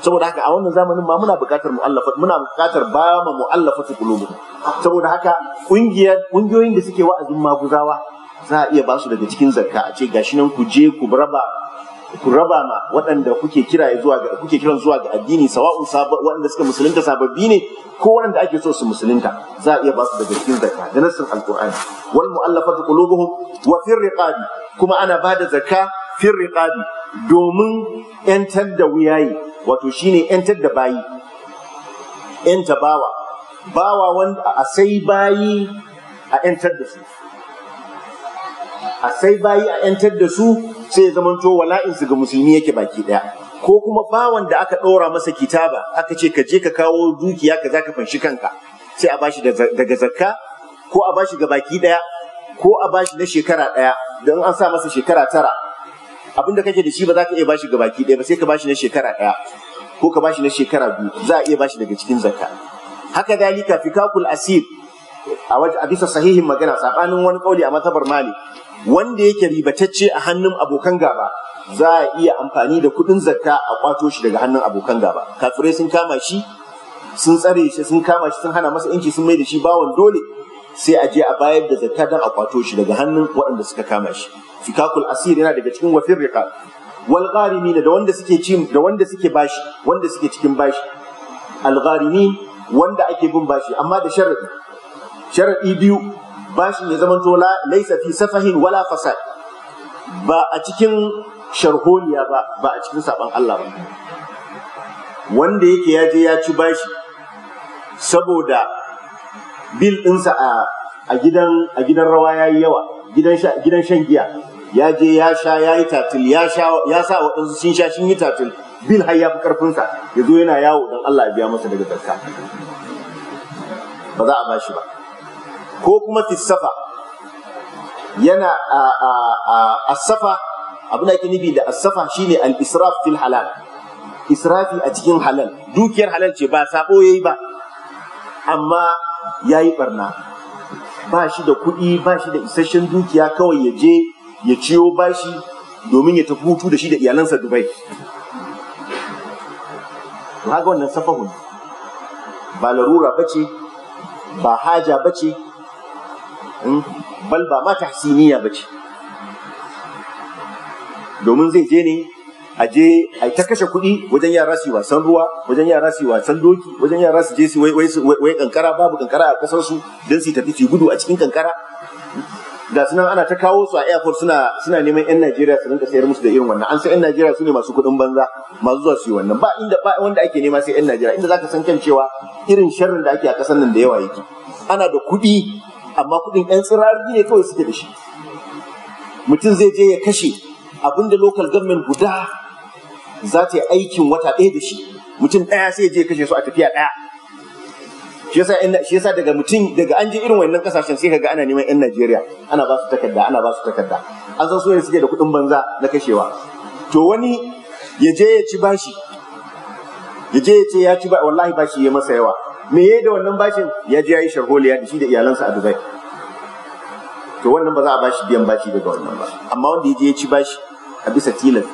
Speaker 1: saboda haka a wannan zamanin ma muna buƙatar mu'allafa muna buƙatar ba ma mu'allafatu qulubu saboda haka ƙungiyoyin da suke wa'azin maguzawa za a iya ba su daga cikin zakka a ce gashi nan ku je ku raba ku raba ma waɗanda kuke kira zuwa ga kuke kiran zuwa ga addini sawa'un waɗanda suka musulunta sababbi ne ko waɗanda ake so su musulunta za a iya ba su daga cikin zakka da nassin alqur'ani wal mu'allafatu qulubuhum wa fir riqabi kuma ana ba da zakka fir riqabi domin yantar da wuyayi wato shine yantar da bayi yanta bawa bawa wanda a sai bayi a yantar da su a sai bayi a ‘yantar da su sai ya zamanto wala'insu ga musulmi yake baki ɗaya. Ko kuma bawan da aka ɗora masa kitaba aka ce ka je ka kawo dukiya ka za ka fanshi kanka sai a bashi daga zakka ko a bashi ga baki ɗaya ko a bashi na shekara ɗaya don an sa masa shekara tara abin da kake da shi ba za ka iya bashi ga baki ɗaya ba sai ka bashi na shekara ɗaya ko ka bashi na shekara biyu za a iya bashi daga cikin zakka. Haka dalika kakul asir a bisa sahihin magana tsabanin wani kauli a matabar mali wanda yake ribatacce a hannun abokan gaba za a iya amfani da kuɗin zakka a kwato shi daga hannun abokan gaba kafirai sun kama shi sun tsare shi sun kama shi sun hana masa inci sun maida shi bawan dole sai a je a bayar da zakka don a kwato shi daga hannun waɗanda suka kama shi fikakul asir yana daga cikin wafin riqab wal gharimin da wanda suke ci da wanda suke bashi wanda suke cikin bashi al gharimin wanda ake bin bashi amma da sharadi sharadi biyu bashin ya zama laisa fi safahin wala fasad ba a cikin sharholiya ba ba a cikin saban Allah ba wanda yake ya je ya ci bashi saboda bil ɗinsa a gidan a gidan rawa yayi yawa gidan shan giya ya je ya sha ya tatil ya sa waɗansu sun sha shin yi tatil bil har ya fi karfinsa ya zo yana yawo don Allah ya biya masa daga zakka ba za a bashi ba ko kuma tisafa yana a safa Abu da ake nufi da asafa shine al-israf fil halal israfi a cikin halal dukiyar halal ce ba sabo yayi ba amma yayi barna ba shi da kuɗi ba shi da isasshen dukiya kawai ya je ya ciyo bashi domin ya tafi hutu da shi da iyalansa Dubai to ga wannan safahu ba larura bace ba haja bace bal ba ma tahsiniya ba ce domin zai je ne a je a ta kashe kuɗi wajen yara su wasan ruwa wajen yara su wasan doki wajen yara su je su wai kankara babu kankara a kasar su don su tafi su gudu a cikin kankara ga sunan ana ta kawo su a airport suna suna neman yan Najeriya su rinka sayar musu da irin wannan an san yan Najeriya su ne masu kuɗin banza masu zuwa su yi wannan ba inda ba wanda ake nema sai yan Najeriya inda zaka san kan cewa irin sharrin da ake a kasar nan da yawa yake ana da kuɗi amma kuɗin ƴan tsirarri ne kawai suke da shi mutum zai je ya kashe abin da local government guda za ta yi aikin wata ɗaya da shi mutum ɗaya sai je kashe su a tafiya ɗaya shi yasa daga mutum daga an je irin wannan kasashen sai ga ana neman 'yan Najeriya ana ba su takarda ana ba su takarda an san soyayya suke da kuɗin banza na kashewa to wani ya je ya ci bashi ya je ya ce ya ci ba wallahi bashi ya masa yawa me ya yi da wannan bashin ya je yi sharholiya da shi da iyalansa a Dubai to wannan ba za a bashi biyan bashi daga wannan ba amma wanda ya je ya ci bashi a bisa tilas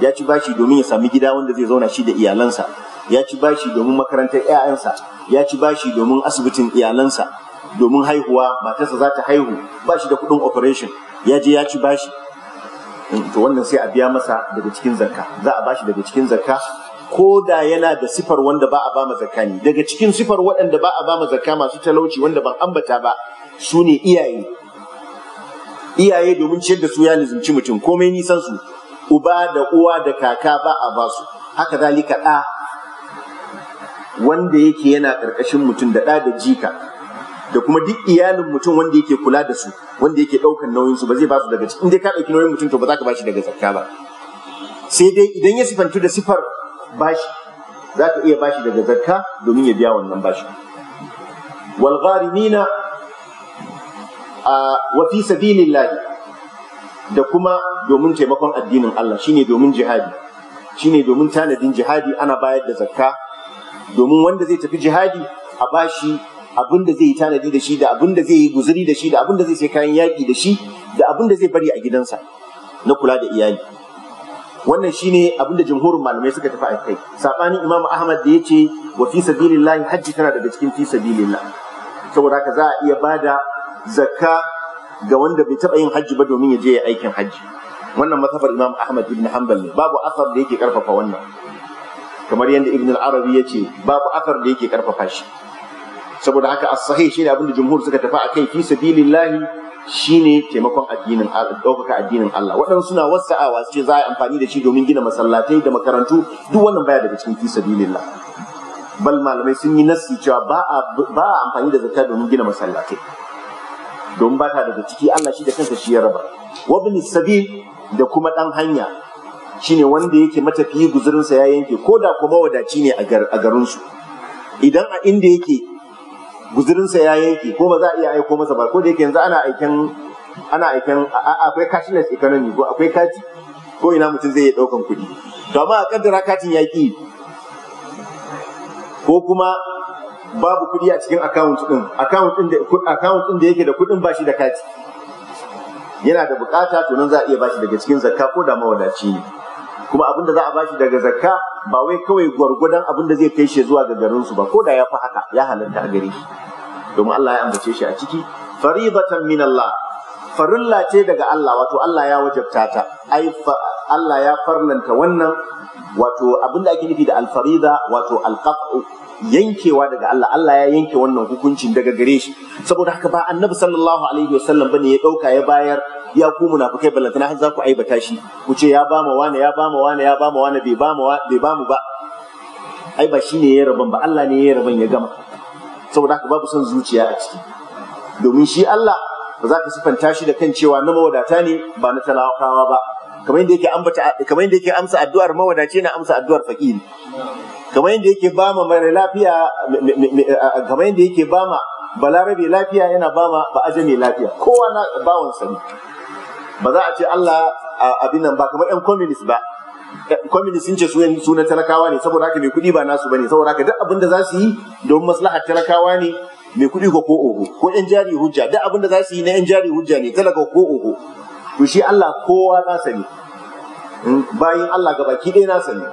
Speaker 1: ya ci bashi domin ya sami gida wanda zai zauna shi da iyalansa ya ci bashi domin makarantar 'ya'yansa ya ci bashi domin asibitin iyalansa domin haihuwa matarsa za ta haihu ba shi da kuɗin operation ya je ya ci bashi to wannan sai a biya masa daga cikin zakka za a bashi daga cikin zakka ko da yana da sifar wanda ba a ba ma zakka ne daga cikin sifar waɗanda ba a ba ma zakka masu talauci wanda ban ambata ba su ne iyaye iyaye domin ciyar da su ya lizimci mutum komai nisan su uba da uwa da kaka ba a ba su haka zalika ɗa wanda yake yana ƙarƙashin mutum da ɗa da jika da kuma duk iyalin mutum wanda yake kula da su wanda yake ɗaukar nauyin su ba zai ba su daga cikin dai ka ɗauki nauyin mutum to ba za ka ba shi daga zakka ba sai dai idan ya sifantu da sifar bashi za ka iya bashi daga zakka domin ya biya wannan bashi wal gharimina wa fi da kuma domin taimakon addinin Allah shine domin jihadi shine domin tanadin jihadi ana bayar da zakka domin wanda zai tafi jihadi a bashi abin da zai yi tanadi da shi da abin da zai yi guzuri da shi da abin da zai sai kayan yaƙi da shi da abin da zai bari a gidansa na kula da iyali wannan shine abin da jumhurin malamai suka tafi a kai sabanin imamu ahmad da yace wa fi sabilillah hajji tana daga cikin fi sabilillah saboda haka za a iya bada zakka ga wanda bai taba yin hajji ba domin ya je ya aikin hajji wannan masafar imam ahmad ibn hanbal ne babu asar da yake karfafa wannan kamar yadda ibn al-arabi yace babu asar da yake karfafa shi saboda haka as-sahih shine abin da jumhur suka tafi a kai fi sabilillah Shi ne taimakon addinin Allah daukaka addinin Allah waɗansu suna wasa'awa su ce za a yi amfani da shi domin gina masallatai da makarantu duk wannan baya daga cikin fi sabilillah bal malamai sun yi nassi cewa ba a amfani da zakka domin gina masallatai don ba ta daga ciki Allah shi da kansa shi ya raba wabni sabi da kuma dan hanya shine wanda yake matafiyi guzurinsa ya yanke ko da kuma wadaci ne a garinsu idan a inda yake guzurinsa ya yanke ko ba za a iya aiko masa ba ko da yake yanzu ana aiken ana aiken akwai cashless economy ko akwai kati ko ina mutum zai iya ɗaukan kuɗi to amma a kaddara katin ya ko kuma babu kuɗi a cikin account din account din da account din da yake da kuɗin bashi da kati yana da bukata to nan za a iya bashi daga cikin zakka ko da mawadaci ne kuma abin da za a bashi daga zakka ba wai kawai gwargwadon abin da zai kai shi zuwa ga garin su ba ko da ya fi haka ya halatta a gare shi domin Allah ya ambace shi a ciki faridatan min Allah farilla ce daga Allah wato Allah ya wajabta ta ai Allah ya farlanta wannan wato abin da ake nufi da alfarida wato alqat'u yankewa daga Allah Allah ya yanke wannan hukuncin daga gare shi saboda haka ba annabi sallallahu alaihi wasallam bane ya dauka ya bayar ya ku munafikai ballantana har za ku aibata shi ku ce ya mu wani ya mu wani ya mu wani bai mu bai bamu ba ai ba shine ya rabon ba Allah ne ya rabon ya gama saboda haka babu son zuciya a ciki domin shi Allah ba za ka sifanta shi da kan cewa na mawadata ne ba na talakawa ba kamar yadda yake amsa addu'ar mawadaci na amsa addu'ar fakiri kamar yadda yake ba ma mara lafiya kamar yadda yake ba ma balarabe lafiya yana ba ma ba lafiya kowa na bawon sani ba za a ce Allah abin nan ba kamar yan communist ba communist sun ce su na talakawa ne saboda haka mai kuɗi ba nasu bane saboda haka duk abin da za su yi don maslahar talakawa ne mai kuɗi ko ko oho ko yan jari hujja duk abin da za su yi na yan jari hujja ne talaka ko oho to shi Allah kowa na sani. Hmm, bayin Allah gabaki ɗaya na sani.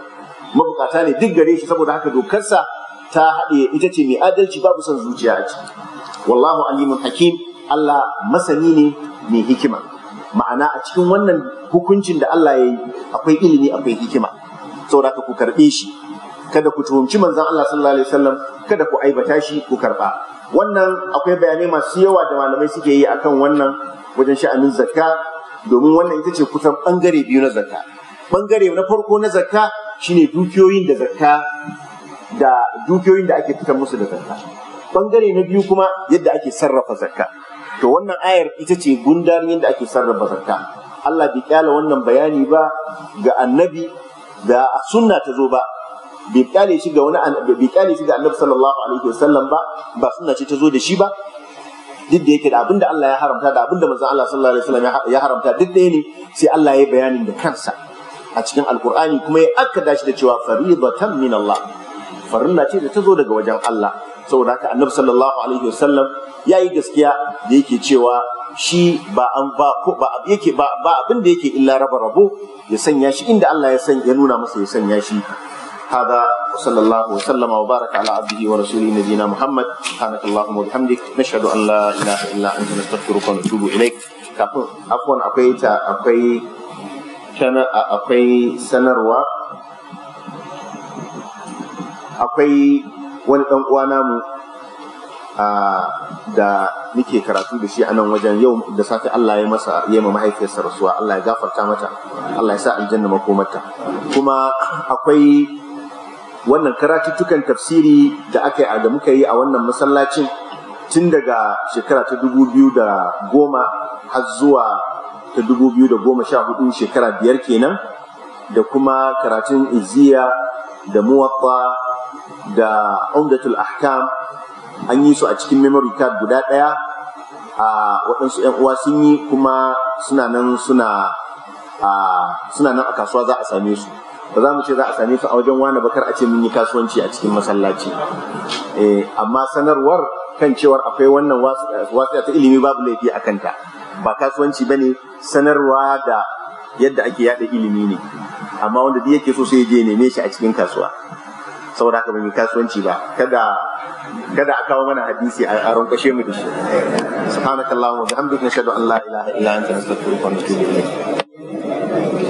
Speaker 1: mabukata ne duk gare shi saboda haka dokarsa ta haɗe ita ce mai adalci babu son zuciya a ciki wallahu alimun hakim Allah masani ne mai hikima ma'ana a cikin wannan hukuncin da Allah ya yi akwai ilimi akwai hikima saboda ku karɓe shi kada ku tuhumci manzon Allah sallallahu alaihi wasallam kada ku aibata shi ku karɓa wannan akwai bayanai masu yawa da malamai suke yi akan wannan wajen sha'anin zakka domin wannan ita ce kusan bangare biyu na zakka bangare na farko na zakka shine dukiyoyin da zakka da dukiyoyin da ake fitar musu da zakka bangare na biyu kuma yadda ake sarrafa zakka to wannan ayar ita ce gundar yadda ake sarrafa zakka Allah bai kyala wannan bayani ba ga annabi da sunna ta zo ba bai kyale shi ga wani bai kyale shi ga annabi sallallahu alaihi wasallam ba ba sunna ce ta zo da shi ba duk da yake da abinda Allah ya haramta da abinda manzon Allah sallallahu alaihi wasallam ya haramta duk ɗaya ne sai Allah ya yi bayanin da kansa a cikin alkur'ani kuma ya akkada shi da cewa faridatan min Allah farilla ce da ta zo daga wajen Allah saboda haka annabi sallallahu alaihi wasallam yayi gaskiya da yake cewa shi ba an ba ko ba yake ba abin da yake illa raba rabo ya sanya shi inda Allah ya san ya nuna masa ya sanya shi هذا وصلى الله وسلم وبارك على عبده ورسوله نبينا محمد سبحانك اللهم وبحمدك نشهد ان لا اله الا انت نستغفرك ونتوب اليك عفوا akwai ta akwai sanarwa akwai wani ɗan uwa namu da nike karatu da shi a nan wajen yau da safe Allah ya masa ya ma mahaifiyarsa rasuwa Allah ya gafarta mata Allah ya sa aljanna makomarta kuma akwai wannan karatuttukan tafsiri da aka yi da muka yi a wannan masallacin tun daga shekara ta dubu biyu da goma har zuwa ta 2014 shekara biyar kenan da kuma karatun iziya da muwatta da umdatul ahkam an yi su a cikin memory card guda ɗaya a waɗansu ‘yan uwa sun yi kuma suna nan suna suna nan a kasuwa za a same su ba za mu ce za a same su a wajen wani bakar a ce mun yi kasuwanci a cikin masallaci e, amma sanarwar kan cewar akwai wannan wasu ta ilimi babu laifi a kanta ba kasuwanci bane. sanarwa da yadda ake yada ilimi ne amma wanda duk yake so sai je neme shi a cikin kasuwa saboda haka ba mai kasuwanci ba kada kada a kawo mana hadisi a aron kashe mu da shi
Speaker 3: subhanakallahumma wa bihamdika nashhadu an la ilaha illa anta nastaghfiruka wa natubu ilayk